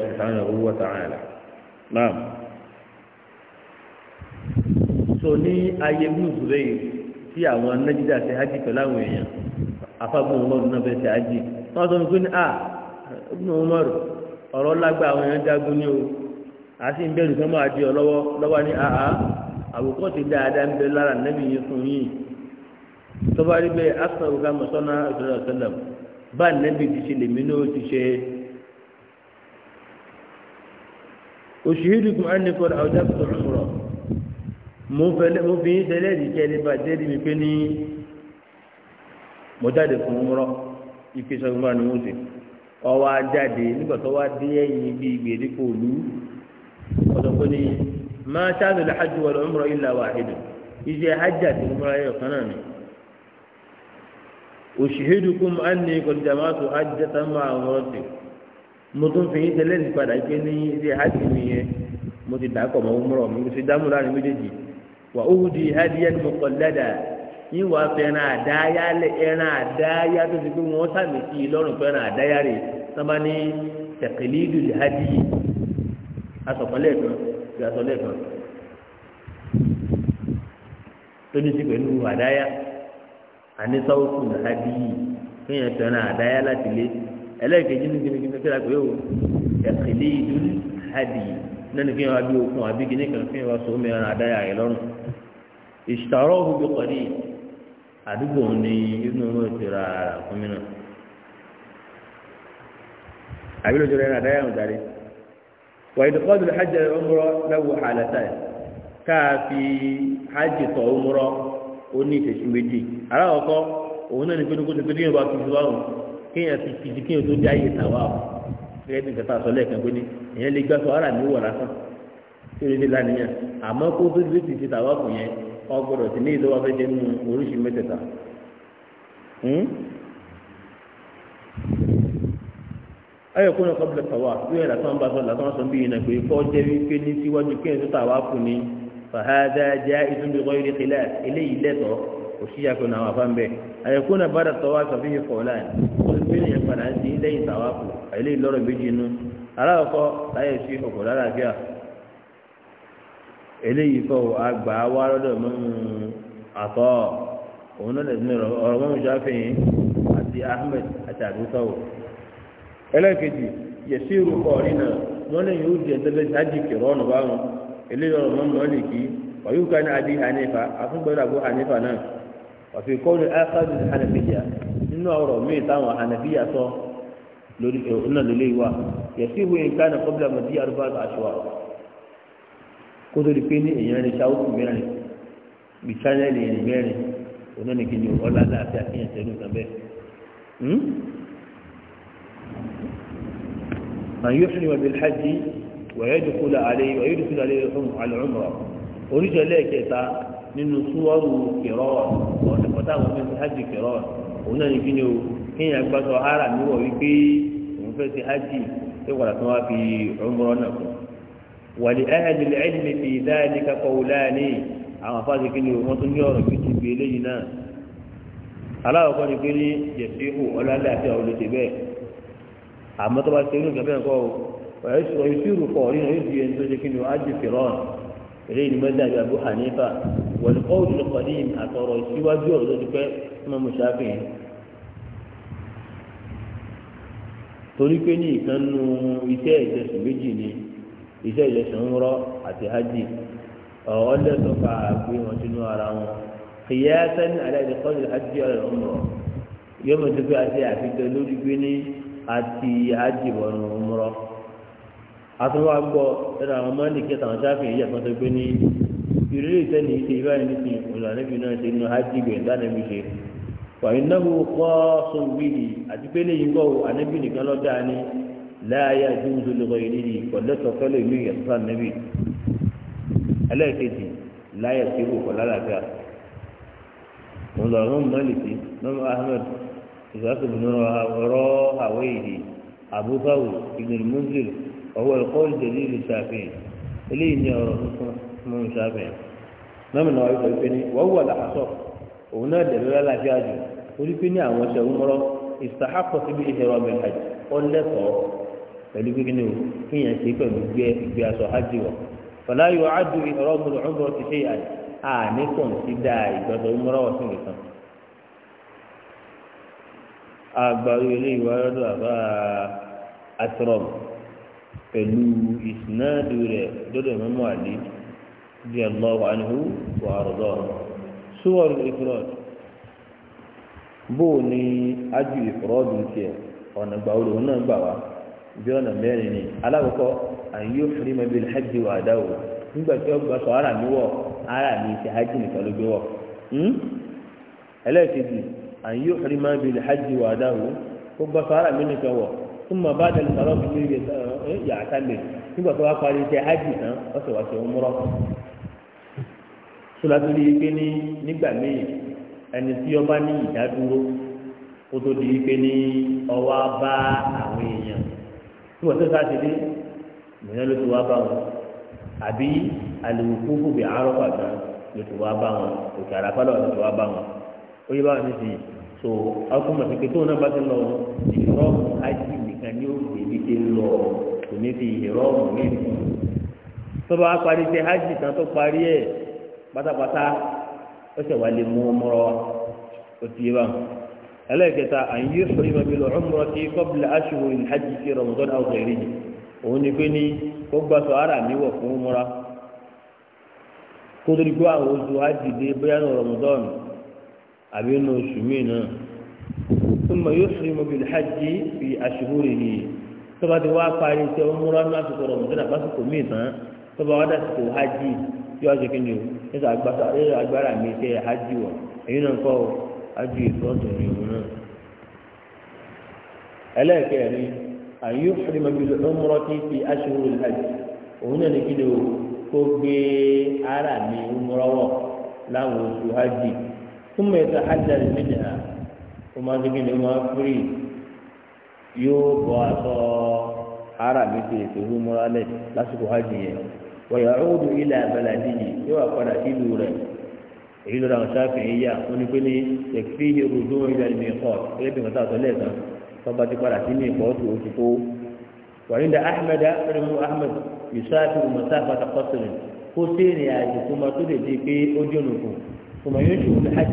sùn fún àwọn ọ̀rọ̀ wọ́ta so ní ayé búlùsùlẹ̀ yìí tí àwọn nàìjíríà ṣe hajj pẹ̀lú àwọn èèyàn afábùn ọmọdún náà fẹ́ ṣe hajj wọ́n sọ fún mi à ah, ọ̀rọ̀ lágbà àwọn èèyàn ní o àti ń bẹ̀rù sọ́mọ́ àdìọ lọ́wọ́ lọ́wọ́ ní ah, ah, àhá ti dáadáa ń bẹ lára nẹ́bí yìí fún yìí tọ́ba rí bẹ́ẹ̀ mọ̀sánná ìṣẹ̀lẹ̀ mo fi ń ṣẹlẹ̀ ní kẹ́lẹ́ bá jẹ́ ní mo jáde fún ọmọrọ ìpè sọgbọn ní wọn ṣe ọwọ́ ajáde nígbà wá dé ẹ̀yìn bí ìgbèríko òlu ọ̀dọ̀ pé ní máa ṣáàlù làájú wọlé ọmọrọ ìlà wà ẹ̀dùn iṣẹ́ hajj àti ọmọrọ ẹ̀yọ̀ kan náà ni. òṣìṣẹ́dùkún máa mo tún fi ní iṣẹ́ hajj mi yẹn mo ti wà óhùdì hadiyan mọ̀kànlẹ́dà yín wàá fẹ́ràn àdáyá ẹran àdáyá tó ti pé wọ́n sàmì sí i lọ́rùn fẹ́ràn àdáyá rè sábà ní tẹ̀kẹ́lídù hadiyi asọ̀kànlẹ̀ kan fi asọ̀lẹ̀ kan tó ní sí pẹ̀lú àdáyá ànísọ́wọ́sùn hadiyi kéèyàn fẹ́ràn àdáyá láti lé ẹlẹ́ẹ̀kejì ní kíni kíni kíra pé o tẹ̀kẹ́lídù hadiyi lẹ́nu kí wọ́n abí okun àbí gíní kan fi wọ́n so mìíràn àdáyà rẹ̀ lọ́rùn ìṣàrọ̀ òhùgbò pàdé àdúgbò ní inú wọn ti ra ara fún mi náà àbí lójú rẹ̀ àdáyà ń darí wà ìdókòdù hajj ọmọrọ lẹ́wọ̀ àlàtà káàfi hajj tọ̀ ọmọrọ ó ní ìṣẹ̀ṣin méjì aláwọ̀ kọ́ òun náà ní pé kó tó tó dín ìwà kìí wá òun kéèyàn fi kìí kéèyàn tó dé ayé tàwa òun gẹ́gẹ́ bí nǹkan tá a sọ lẹ́ẹ̀kan pé ní ìyẹn lè gbá sọ́hárà ní wọ̀ lásán tí o lè lánìyàn àmọ́ kó tó lè ti ṣe tàwa kù yẹn ọgbọ́dọ̀ sí ní ìdọ́wọ́ fẹ́ jẹ́ nínú oríṣi mẹ́tẹ̀ẹ̀ta. Hmm? ayọ̀ kó ní ọkọ̀ bílẹ̀ tàwa bí ẹ̀rọ àtàwọn bá sọ làtàwọn sọ bí yìí náà pé kọ́ jẹ́ wípé ní síwájú kí ẹ̀sọ́ tàwa kù ní fàhádà jẹ́ ìtúndùkọ́ ìrẹ́kẹ́lẹ́ eléyìí lẹ́tọ̀ọ́ òṣìṣẹ́ àfẹ́nà àwọn àfáǹbẹ̀ padà ń sin lẹ́yìn tàwáfù àìlè lọ́rọ̀ méjì inú aláwọ̀kọ́ láyé sí òkò lálàáfíà eléyìí kọ́ àgbà wá lọ́dọ̀ mọ́mú àtọ́ òun náà lẹ́sìn ọ̀rọ̀ mọ́mú sáfihàn àti ahmed àti àdúgbò yẹ̀sí wọ́n lè yóò jẹ́ tẹ́lẹ̀ kẹrọ ọ̀nà eléyìí ọ̀rọ̀ lè kí ní hanifa àfúngbẹ́rẹ́ hanifa náà inú ọ̀rọ̀ míì táwọn ànàbíyà sọ lórí náà lólé wa yẹ̀sí ìwé nǹkan náà kọ́bílà mọ̀tí àrùbá àṣọ kó tó di pé ní èèyàn ní sáwùkù mẹ́rin bí chánẹ́lì ẹ̀rìn mẹ́rin oná ní kíni ọ̀la láti àfihàn tẹ̀lé nǹkan bẹ́ẹ̀. màá yóò fún ìwà bíi hajj wàyẹ́dùkúlà àlẹ́ wàyẹ́dùkúlà àlẹ́ àlùmọ̀ oríṣi ẹlẹ́ẹ̀kẹta nínú súwọ́rù kẹrọ́ọ̀ ọ̀nà kọ́tà wọn fi hajj kẹrọ́ọ̀ òun náà ní kí ni o kéèyàn gbàtọ̀ ara mi wọ̀ wípé òun fẹ́ ti ájì tí wàrà tí wọ́n fi ọmọrọ náà kù. wàlẹ̀ ẹ́hẹ́dì lẹ́yìn mi fi dáadé kakọ̀ wò láàánì àwọn afáàsì kí ni o wọ́n tún ní ọ̀rọ̀ bí ti gbé eléyìí náà. aláwọ̀kọ́ ni pé ní jẹ̀sí hù ọlọ́lẹ́ àti àwọn bẹ́ẹ̀ àmọ́ tó bá ṣe inú ìgbà bẹ́ẹ̀ kọ́ o wọlé kọ́ọ̀dù lọ́kọ̀ ní àtọ̀rọ̀ ìsíwájú ọ̀rọ̀ tó ti pẹ́ mọ́ mùsàfì yẹn. torí pé ní ìkànnù iṣẹ́ ìjọsìn méjì ni iṣẹ́ ìjọsìn ń rọ́ àti hajj ọ̀ọ́dẹ sọ̀fà gbé wọn sínú ara wọn kìyà sẹ́ni aláìsí kọ́ọ̀dù hajj ọ̀rọ̀ ń rọ̀ yóò mọ̀ tó pé àti àfihàn lórí pé ní àti hajj wọn ń rọ̀ ẹ̀rọ àwọn mọ́ndì ìrírí ìtẹ́ni ìṣe ìbáyìí ní ti ìfúnná níbi náà ṣe inú hajj gbẹ̀ dánàbí ṣe fàyínáwó kọ́ sóbìlì àti pé lè yíkọ́ ànábì nìkan lọ́dà ni láàyè àjùmùsọ lọ́kọ̀ ìrírí kọ̀dọ́tọ̀ fẹ́lẹ̀ ìlú ìyàtọ̀ ànábì ẹlẹ́ẹ̀kejì láyà tí kò kọ́ lálàáfíà mọ̀lọ́rùn mọ́lìkì mọ́mọ́ ahmed ìsọ́sọ̀bùnú ọ̀rọ̀ àwọ̀ èdè àbúfáwò ìgbìmọ̀ mùsùlùm lọ́mìnà ọ̀yọ́ sọ pé ní wọ́n wù àlàkàsọ̀ òun náà dẹ̀ lọ́la láti àjò torí pé ní àwọn ọ̀sẹ̀ òmùrọ̀ ìsàkọ̀ síbi ìṣẹ̀rọ̀ mẹ́hàjì ọ̀lẹ́kọ̀ọ́ pẹ̀lú pé kíni o kéèyàn ṣe pẹ̀lú gbé ìgbé aṣọ hajj wọ̀ fọláyọ̀ àjò ìṣẹ̀rọ̀ mọ̀lẹ̀ ọ̀mùrọ̀ ti ṣe àní kọ̀ǹsídà ìgbàdọ̀ òmùrọ̀ ọ̀sìn nìkan. àgbàdo ilé ìwádọ̀ àbá àtọ̀rọ̀ pẹ̀lú ìsìnádù rẹ̀ رضي الله عنه وأرضاه صور الإفراد بوني أجو إفراد كي أنا بقول هنا بقى بيانا ميرني على وقع أن يحرم بالحج وأداه nígbà tí ọgbà sọ ara mi wọ ara mi ti hajj nìkan ló gbé wọ hmm? ẹlẹ́ẹ̀kejì àyè òfin máa bi hajj wà dáhùn ó gbà sọ ara mi nìkan wọ fún mà bá dẹ̀lẹ̀ sọ̀rọ̀ fún mi yàtá lè nígbà tó wá parí iṣẹ́ hajj tán ọ̀sẹ̀ wá ṣe ń múrọ̀ sọlá tó di pé ní nígbà míì ẹni tí ọba ní ìdádúró ó tó di pé ní ọwọ́ bá àwọn èèyàn tí wọ́n tó sáàtì dé mìíràn ló ti wá bá wọn àbí àlùkù bùbí àárọ̀ pàtó ló ti wá bá wọn òkè àràpàlọ̀ ló ti wá bá wọn ó yẹ báwọn ní sìn so ọkùnrin màtí pé tóun náà bá ti lọ ìrọ́ọ̀mù ájì nìkan ni ó gbé ibi tí ń lọ kò ní fi ìrọ́ọ̀mù mí tọ́ba parí ṣe ájì kan tó parí ẹ̀ pátápátá ó sì wá lè mú ọmọrọ wa ó yi yé wa ẹlẹ́ẹ̀kẹta àyè sọ̀rọ̀ ìmọ̀ bí lọ́ọ́ ọmọrọ ti kọ́bìlì sọ ara mi wọ̀ fún ọmọrọ kó àwọn oṣù àjìdé bóyá ní àbí ní oṣù fi ti wá tán yóò ṣe kí ni o ẹsẹ agbára ẹsẹ agbára mi ṣe ájú ọ èyí náà kọ ọ ájú ìfọ́sọ̀ ní òun náà. ẹlẹ́ẹ̀kẹ́rin àyè ìfúnimọ̀bìlì ọmọrọ tí fi aṣọ ìlàjì òun náà ní kí ni o kó gbé ara mi ọmọrọwọ láwọn oṣù hajj fún mẹ́ta hajj àdìmẹ́jà ó máa ṣe kí ni o máa fúri yóò bọ́ aṣọ ara mi ètò lásìkò yẹn. wọ̀yàrúdù ilẹ̀ àbẹ̀làdì yìí yóò wà padà sílùú rẹ̀ èyí lọ́dọ̀ àwọn sáfẹ̀ yìí yá wọn ni pé ní ẹ̀fí ìrùdó ilẹ̀ ìmì kọ́ ẹ̀lẹ́bí nǹkan tààtọ̀ lẹ́ẹ̀kan tọ́ba ti padà sí ní ìkọ́ tó o ti kó. wàyíǹda ahmed ẹ̀rọ̀mú ahmed yusufu musafa takọ́sìrì kó sí ìrìn àjò tó máa tó lè di pé ó dé ònùkù tòmọ̀ yóò ṣe wọlé hajj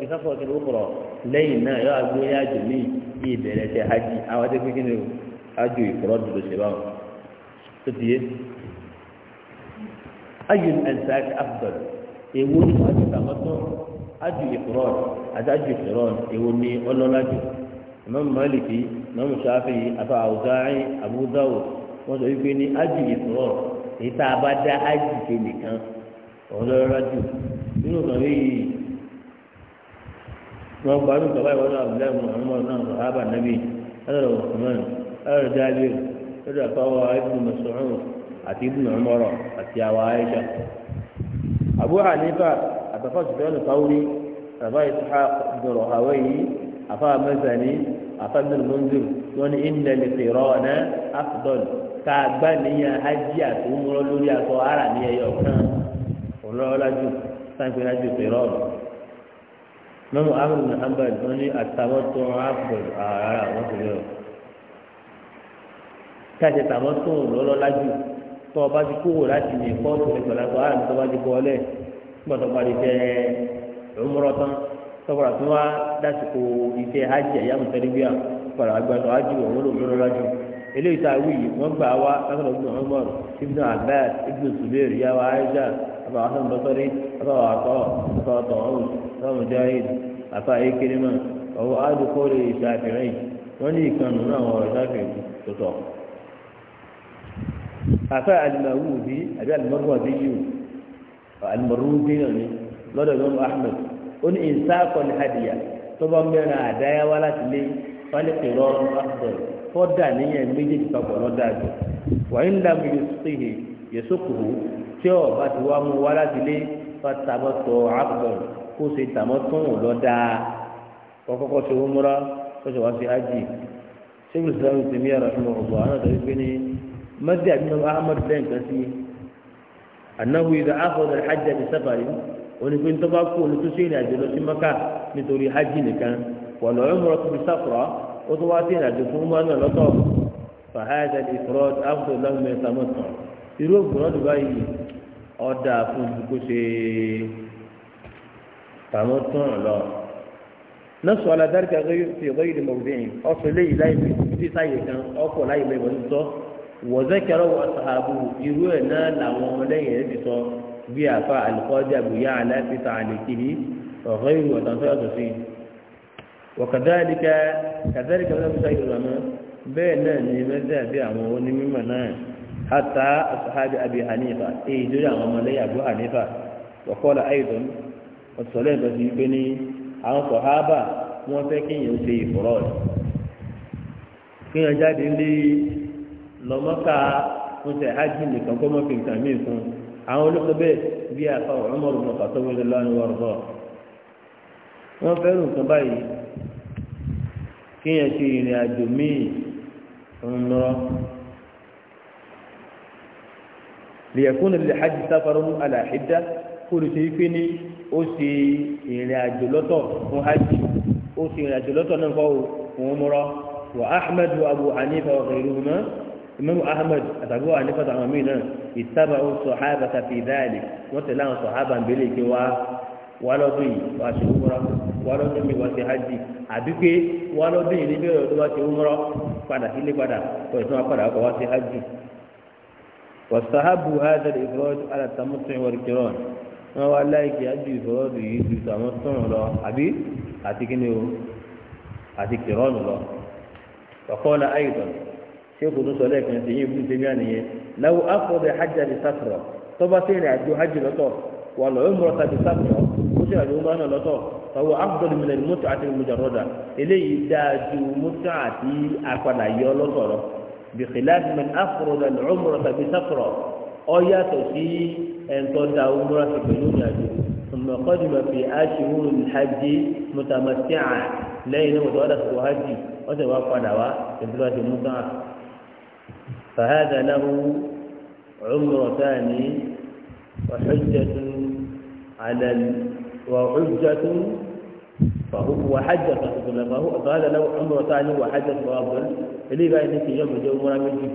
fi sáfọ̀ kí ló lẹ́yìn náà yóò agbó yájò ní ìbẹ̀rẹ̀ tẹ hajj àwọn tẹ́gbẹ́ kí ni hajj ìkọ̀rọ̀ dùdú ṣe báwọn tó ti yé ayé ẹ̀sán abdul èwo ni wọ́n ti tàmọ́tọ́ ájú ìfúrọ́ọ̀d àti ájú ìfúrọ́ọ̀d èwo ni ọlọ́lájú imam maliki imam shafi afa awuzaayi abudawo wọ́n sọ wípé ní ájú ìfúrọ́ọ̀d èyí tá a bá dá ájú ìfẹ́ nìkan ọlọ́lájú nínú ìtàn yìí wọn gba ní bàbá ìwọ́n náà abdullahi muhammad náà sọ̀hábà nàbí ẹ̀rọ ọ̀sùnmọ́n ẹ̀rọ jáde ẹ̀rọ àfáwọ̀ ibùdó mọ̀sùlùmí àti ibùnà mọ́rọ̀ àti àwọn aisha abu hanifa àtàfà sùfẹ́lù sáwúrí àtàfà ishaq dọ̀rọ̀ hawaii àfà mẹ́sàn-án àfà mẹ́rin wọn ni ìnlẹ̀ lè fi rọ ọ̀nà afdol ká gbá níyàn hajj àti umrọ lórí aṣọ ara ní ẹyọ kan ọlọ́ọ̀lájú sáńpẹ́ lájú fi rọ ọ̀nà mọ́mú amúlù muhammed wọn ni àtàwọn tó ń wọn fi rọ káṣẹ tàwọn tó ń lọ́lọ́lájú tó o bá ti kúrò láti ní kóòtù rẹ pẹ̀lú àgbà àrùn tó o bá ti kó ọlẹ́ gbọ́dọ̀ parí fẹ́ ọmọrọ tán tọ́kọ̀rọ̀ tí wọ́n á dásìkò ìfẹ́ hajj àyàmù tẹ́lifíà kọ̀rọ̀ àgbàdo hajj òun ló múlò lọ́jọ́ eléyìí tá a wí yìí wọ́n gbà wá lọ́sọ̀rọ̀ ibùdó ọmọ ibùdó abẹ́ẹ̀ ibùdó sùlẹ̀rì yàwó ayéjà àbá hasan bọ́sọ́rí ọ̀tọ̀ ọ̀hún àfẹ́ alimaru bí àbí alimaru àbí yìí alimaru bí náà ni lọ́dọ̀ ìmọ̀ ahmed ó ní ìsáàkọ̀ ní hadiya tó bá mẹ́rin àdáyáwá láti lé fálẹ́kì rọrùn afdal fọ́dà níyẹn méjèèjì papọ̀ lọ́dà jù wàyí ńlá mi yóò sèhè yẹsọ kùrù tí ọ̀ bá ti wá mú wá láti lé fatamọ́tò afdal kó ṣe tàmọ́tò lọ́dà kọ́kọ́kọ́ ṣe wọ́n múra kó mọ́tí àbí mọ́tí ahmed bẹ́ẹ̀ nǹkan sí anahu ìdá afọdà hajj àti safari onípe tó bá kú onípe sí ìrìnàjò lọ sí maka nítorí hajj nìkan wọ̀lọ́ ọmọ tó fi sáfọ̀rọ̀ ó tó wá sí ìrìnàjò fún mọ́nà lọ́tọ̀ fàhádà ìfọ̀rọ̀ afọdà mẹ́ta mọ́tọ̀ irú ògbóná tó báyìí ọ̀dà fún kó ṣe tàmọ́tọ̀ lọ. نص على ذلك غير في غير موضعه أصل لي لا يبي في سايكان أقوى لا يبي وانتو wọ́zẹ́kẹ̀rọ̀ wọ sàbù irú ẹ̀ náà làwọn ọmọlẹ́yìn rẹ̀ ti sọ bí àfa àlùkọ́jà àbúyá aláfíìsà àlèkìlì ọ̀rọ̀ ìlú ọ̀tàn wọ̀kàdáríkà na na abi wọ́kọ́lá aydan ọ̀sọ̀lẹ́ ìbọ̀sí ní àwọn sọ̀hábà wọ́n fẹ́ ṣe ìfọ̀rọ̀ jáde lọ́mọ́ká fún tẹ̀ hajj nìkan kó mọ́ fi nǹkan mí fún àwọn olóko bẹ́ẹ̀ bí afa ọmọ rògbò pàtó wọlé lọ́nu wọ́n rọ̀ wọ́n fẹ́ràn nǹkan báyìí kéèyàn ṣe ìrìn àjò míì ń lọ. lèyẹ̀kún lè hajj sáfàrọ̀ àlàhídá kó lè ṣe ó ṣe ìrìn àjò lọ́tọ̀ fún hajj ó ṣe ìrìn àjò lọ́tọ̀ náà fọ́ òun mọ́rọ́ wà ahmed abu hanifa ọ̀rẹ́ ìlú imam ahmed àtàgbọ́ ànífàtà àwọn míì náà ìtàbà ó sọ ààbà tàfi ìdáàlì wa wà lọ́dún yìí mi hajj àbí pé wà lọ́dún yìí níbẹ̀rẹ̀ ọdún wà ṣe wúmọ́rọ́ padà sílé padà padà hajj. wàṣàhábù hajj ìfọwọ́dù alàtàmùsùn wọ̀rìkìrọ̀n wọ́n wá ìfọwọ́dù yìí ju lọ àbí àti kíni o àti lọ. sèkò tó sọlẹ̀ kan sí yín fún tèmi àníyẹn lawo afọdẹ hajj àti sàkùrọ̀ tọ́ba sẹ́yìn àjò hajj lọ́tọ̀ wà lọ́wọ́ mọ̀rọ̀ tàbí sàkùrọ̀ ó sì àjò mọ́nà lọ́tọ̀ tọ́wọ́ afọdẹ mìíràn mọ́tò àti mùjàrọ́dà eléyìí dáa ju mọ́tò àti àpàdà yọ lọ́tọ̀rọ̀ bìkìláàfin mẹ́rin afọdẹ lọ́mọ̀rọ̀ tàbí sàkùrọ̀ ọ yàtọ̀ sí ẹ̀ńtọ́ da ọmọrọ̀ àti pẹ̀lú ìrìnàjò ثم قدم في أشهر الحج متمتعا لين متولى الحج وتوقع دعوة تبرئة المتعة فهذا له عمرتان وحجة على وحجة فهو وحجة فهو فهذا له عمرتان وحجة وأفضل إليه بقى نسي يوم جو مرة من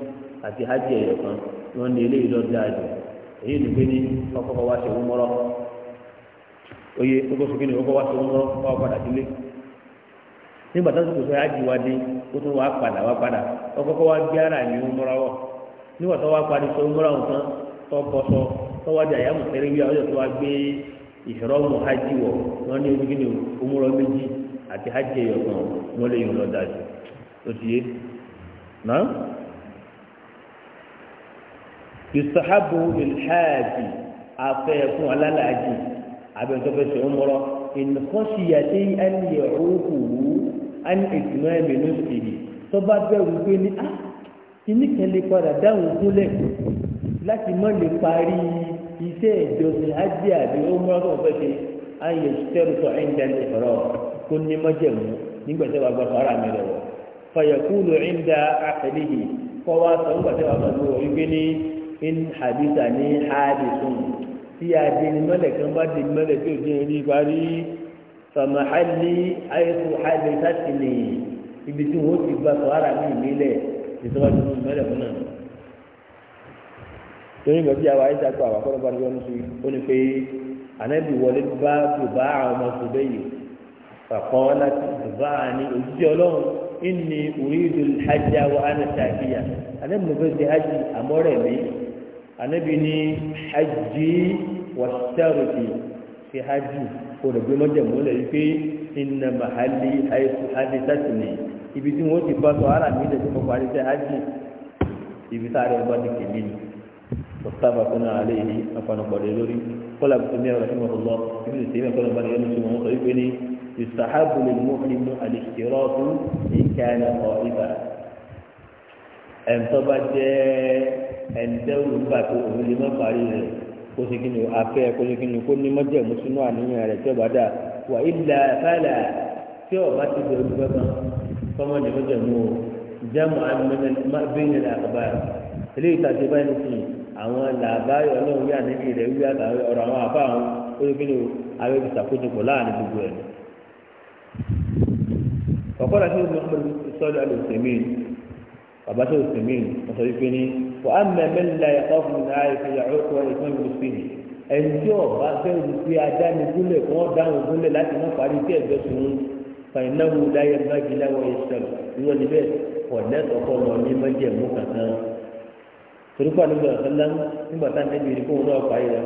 àti hajj ẹ̀yọ̀ kan ló ń lé eléyìí lọ dáadọ̀ èyí ló gbé ní ọkọ̀ wá ṣe wọ́n mọ́rọ́ oye ó kó sókè ní ọkọ̀ wá ṣe wọ́n mọ́rọ́ wá padà sílé nígbà tó kò sọ ájì wa dé ó wa padà wàá padà ọkọ̀kọ̀ wá gbé ara ìlú mọ́ráwọ̀ nígbà tó wá parí sọ mọ́ráwọ̀ tán tó sọ tó wá di àyàmù tẹ́lẹ̀ wíwá ọjọ́ tó wá gbé ìṣòrọ́mù hajj wọ̀ ní ojú kíni méjì àti hajj ẹ̀yọ̀ kan lè ani ìtumọ̀ ẹ̀mí ló sì yìí tó bá bẹ̀rù pé ní á ah, kíní kan lè padà dáhùn gúnlẹ̀ láti mọ́ lè parí iṣẹ́ ìjọsìn ájí àbí ọmọdé ọ̀fẹ́ ṣe ayé ìṣẹ́rù tó ẹ̀ńdá ní ọ̀rọ̀ kó ní mọ́jẹ̀mú nígbà tí wàá gba fara mi lọ́wọ́ fàyàkúlù ẹ̀ńdá àfẹ́lẹ́yì kọ́ wa sọ nígbà wàá gba lọ́wọ́ wípé ní in hadisa ní hadisun tí adé ni mọ́lẹ̀ kan bá dé mọ́lẹ̀ tí ò fàmàhálì àyẹ̀fọ́ àyẹ̀fọ́ ibi tí wọ́n ti gba sọ̀hárà ní ìmílẹ̀ ìsọ́wájú ní ìmọ̀lẹ̀ fún náà. torí ìgbà tí àwa ayéṣà pa àwọn akọ́nàbà ní wọn sí ó ní pé ànábì wọlé bá bùbá àwọn ọmọ ṣùgbẹ́ yìí kàkọ́ láti bùbá ní òjijì ọlọ́run ìní orídù hajj wa ana ṣàkíyà ànábì mo fẹ́ ṣe hajj àmọ́rẹ̀ mi ànábì ní hajj wa olùgbé mọ́jẹ̀mú lẹ̀ yí pé iná mahali àìsù adìsátìní ibi tí wọ́n ti bọ́sọ̀ ara mi lè fún parí sẹ́ ájì ibi sáré ọba ti kèlé ni mustapha fúnra alẹ́ yìí afanukọ̀dé lórí kọ́lá bùtùmí ọ̀rọ̀ tí mo rọ̀ lọ ibi tí tèmi ọ̀kọ́lá balẹ̀ yẹnu tí wọ́n sọ kó ṣe kini afẹ́ kó ṣe kini kó ní mọ́jẹ̀mú sínú àníyàn rẹ̀ tí ọba dà wà ilà fàlà tí ọba ti bẹ̀rù gbọ́dọ̀ kọ́mọ ní mọ́jẹ̀mú o jẹ́mu àmì àkàbà eléyìí tá a ti báyìí nìkan àwọn làbáyọ̀ ọlọ́run yà níbi rẹ̀ wíwá ọ̀rọ̀ àwọn àbá àwọn ó ṣe kíni o àwọn ibi ṣàkójọpọ̀ láàrin gbogbo ẹ̀ ọ̀pọ̀ bàbá tó sì mí wọ́n sọ wípé ní wọ́n á mẹ́mẹ́ ńlá ẹ̀kọ́ fún mi náà ìfẹ́ yàrá òkú ẹ̀kọ́ ìlú sí i ẹni tí ọba fẹ́ wù pé adáni gúnlẹ̀ kí wọ́n dáhùn gúnlẹ̀ láti má parí tí ẹ̀gbẹ́ fún un fàìnáwó láyé bági láwọ̀ ìṣẹ̀lẹ̀ ìwọ́n níbẹ̀ ọ̀lẹ́tọ̀ kọ́ lọ ní mọ́jẹ̀mú kankan torípa nígbà sọ́lá nígbà tá níbi ìdíkùn náà parí rẹ̀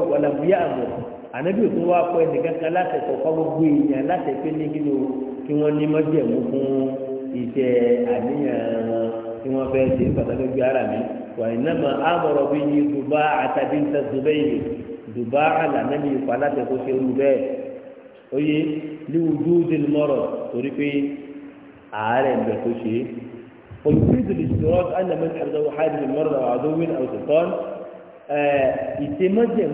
kọ́ àníbi ànábì ò tún wá kọ ẹnìkankan láti kọkọ gbogbo èèyàn láti pé ní kí ló kí wọn ní mọ́jẹ̀mú fún iṣẹ́ àníyàn wọn tí wọn fẹ́ ṣe pàtàkì gbé ara mi wà ìnáma àmọ̀rọ̀ bí ní dubá àtàbí ń tẹ̀sùn bẹ́ẹ̀ yìí dubá àlànàmì ìfọ̀ láti kó ṣe olú bẹ́ẹ̀ ó yé líwùdú dèlú mọ́rọ̀ torí pé àárẹ̀ ń bẹ̀ tó ṣe é. ويفيد الاشتراك أن من حفظه حادث مرة أو عدو أو سلطان يتمجى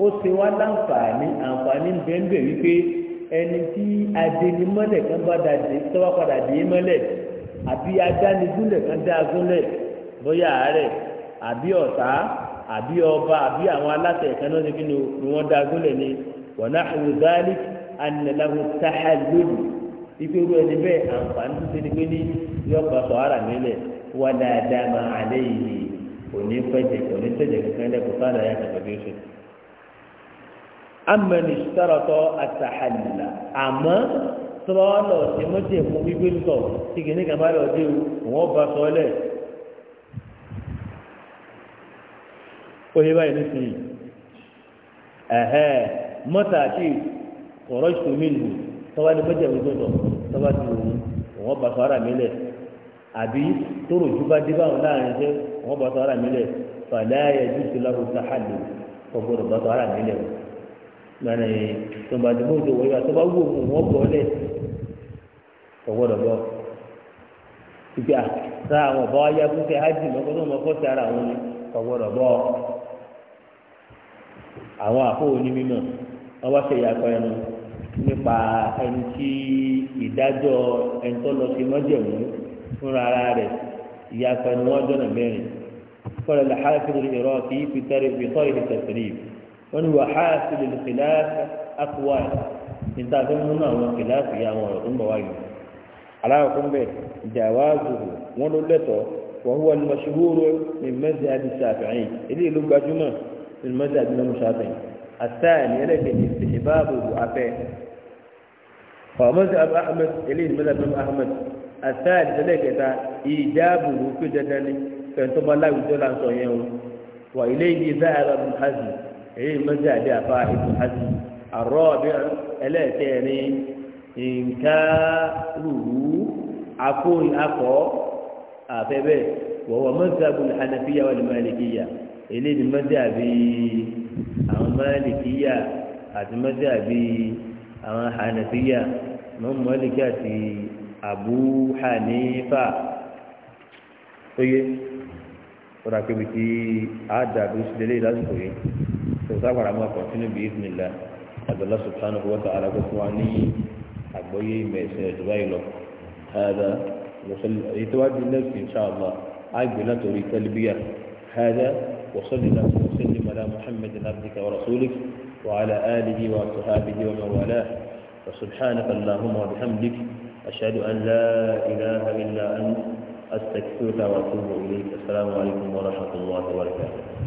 ó ti wá láǹfààní àǹfààní bẹ́ẹ̀ wípé ẹni tí adénímọ́lẹ̀ kan bá dàdé tọ́wọ́ padà dé mọ́lẹ̀ àbí adánigúnlẹ̀ kan dá agúnlẹ̀ bóyá àárẹ̀ àbí ọ̀tá àbí ọba àbí àwọn aláṣẹ ẹ̀ka náà níbi ni wọ́n dá agúnlẹ̀ ni wọ́n náà àwọn zálí anìláwó táhà lónìí ipe irú ẹni bẹ́ẹ̀ àǹfààní tó ṣe ni pé ní yọ̀ọ̀pá sọ̀ ara mi lẹ̀ dáadáa máa àlẹ́ yìí òní fẹ́jẹ̀ òní fẹ́jẹ̀ kankan lẹ́kọ̀ọ́ sáà amẹni sọrọtọ àtàhàlìlà sọlọ tẹmọtẹ fún wípé lùtọ tìgì ní kàmá lọ o wọn bá sọ lẹ. oye báyìí nísìnyí ẹhẹ mọta àti ọ̀rọ̀ ìṣòmínú tọba ní tọba ti wù wọn bá sọ ara mi lẹ àbí tóró ju bá láàrin jẹ wọn bá sọ ara mi lẹ ayé gbani tòmátìmọ́ òjò wọ̀nyí àti ọba wù òun wọ́n bọ̀ lẹ̀ ọ̀gbọ́dọ̀ bọ̀ ìgbà tá àwọn ọba wáyé akúnṣe ájì lọ́kọ́ tó ń lọ́kọ́ sí ara àwọn ọ̀gbọ́dọ̀ bọ̀ àwọn àfọwọ́ ní nípa ẹni tí lọ sí fúnra ara kì í fi fi tọ́ yìí. wọ́n ní wà á sí lè kìláàsì àkúwà níta fẹ́ múnú àwọn kìláàsì yà wọn ọ̀rọ̀ tó ń bọ̀ wáyé aláàkún bẹ́ẹ̀ ìjàwá zòwò wọn ló lẹ́tọ̀ wọ́n wọ́n ní mọ̀ṣúwúrò ní mẹ́sì àbí sàfihàn ilé ìlú gbajúmọ̀ ní mẹ́sì àbí mẹ́mú sàfihàn àtàní ẹlẹ́kẹ̀ẹ́ ìṣèbáàbò afẹ́ fọmọ́sì abu ahmed ilé ìlú mẹ́sì àbí ahmed àtàní èyí mọ́jà àdé àfa ibù hasi àrọ́ ọ̀bíran ẹlẹ́ẹ̀kẹ́rin nǹkarùrù akóyè akọ́ àfẹ́bẹ́ wọ̀wọ̀ mọ́jà bùn hànàfíyà wà ní màlìkíyà èyí ni mọ́jà àbí àwọn màlìkíyà àti mọ́jà àbí àwọn hànàfíyà mọ́ ti àbú hànífà tó yẹ kó dà kébi tí a lásìkò yìí. so sábà àwọn akọ̀tínú bíi ìdìnnìlá àgbàlá sùpánù kó wọ́tà ara kókó wa ní àgbọ́yé ìmẹ̀sẹ̀ ìdúbà yìí lọ hàdà ìtọ́wájú nẹ́ẹ̀sì inṣàlá àgbẹ̀ látòrí tẹ́lifíà hàdà وصلي اللهم وسلم على محمد عبدك ورسولك وعلى آله وصحابه ومن والاه وسبحانك اللهم وبحمدك أشهد أن لا إله إلا أنت أستكفرك وأتوب إليك السلام عليكم ورحمة الله وبركاته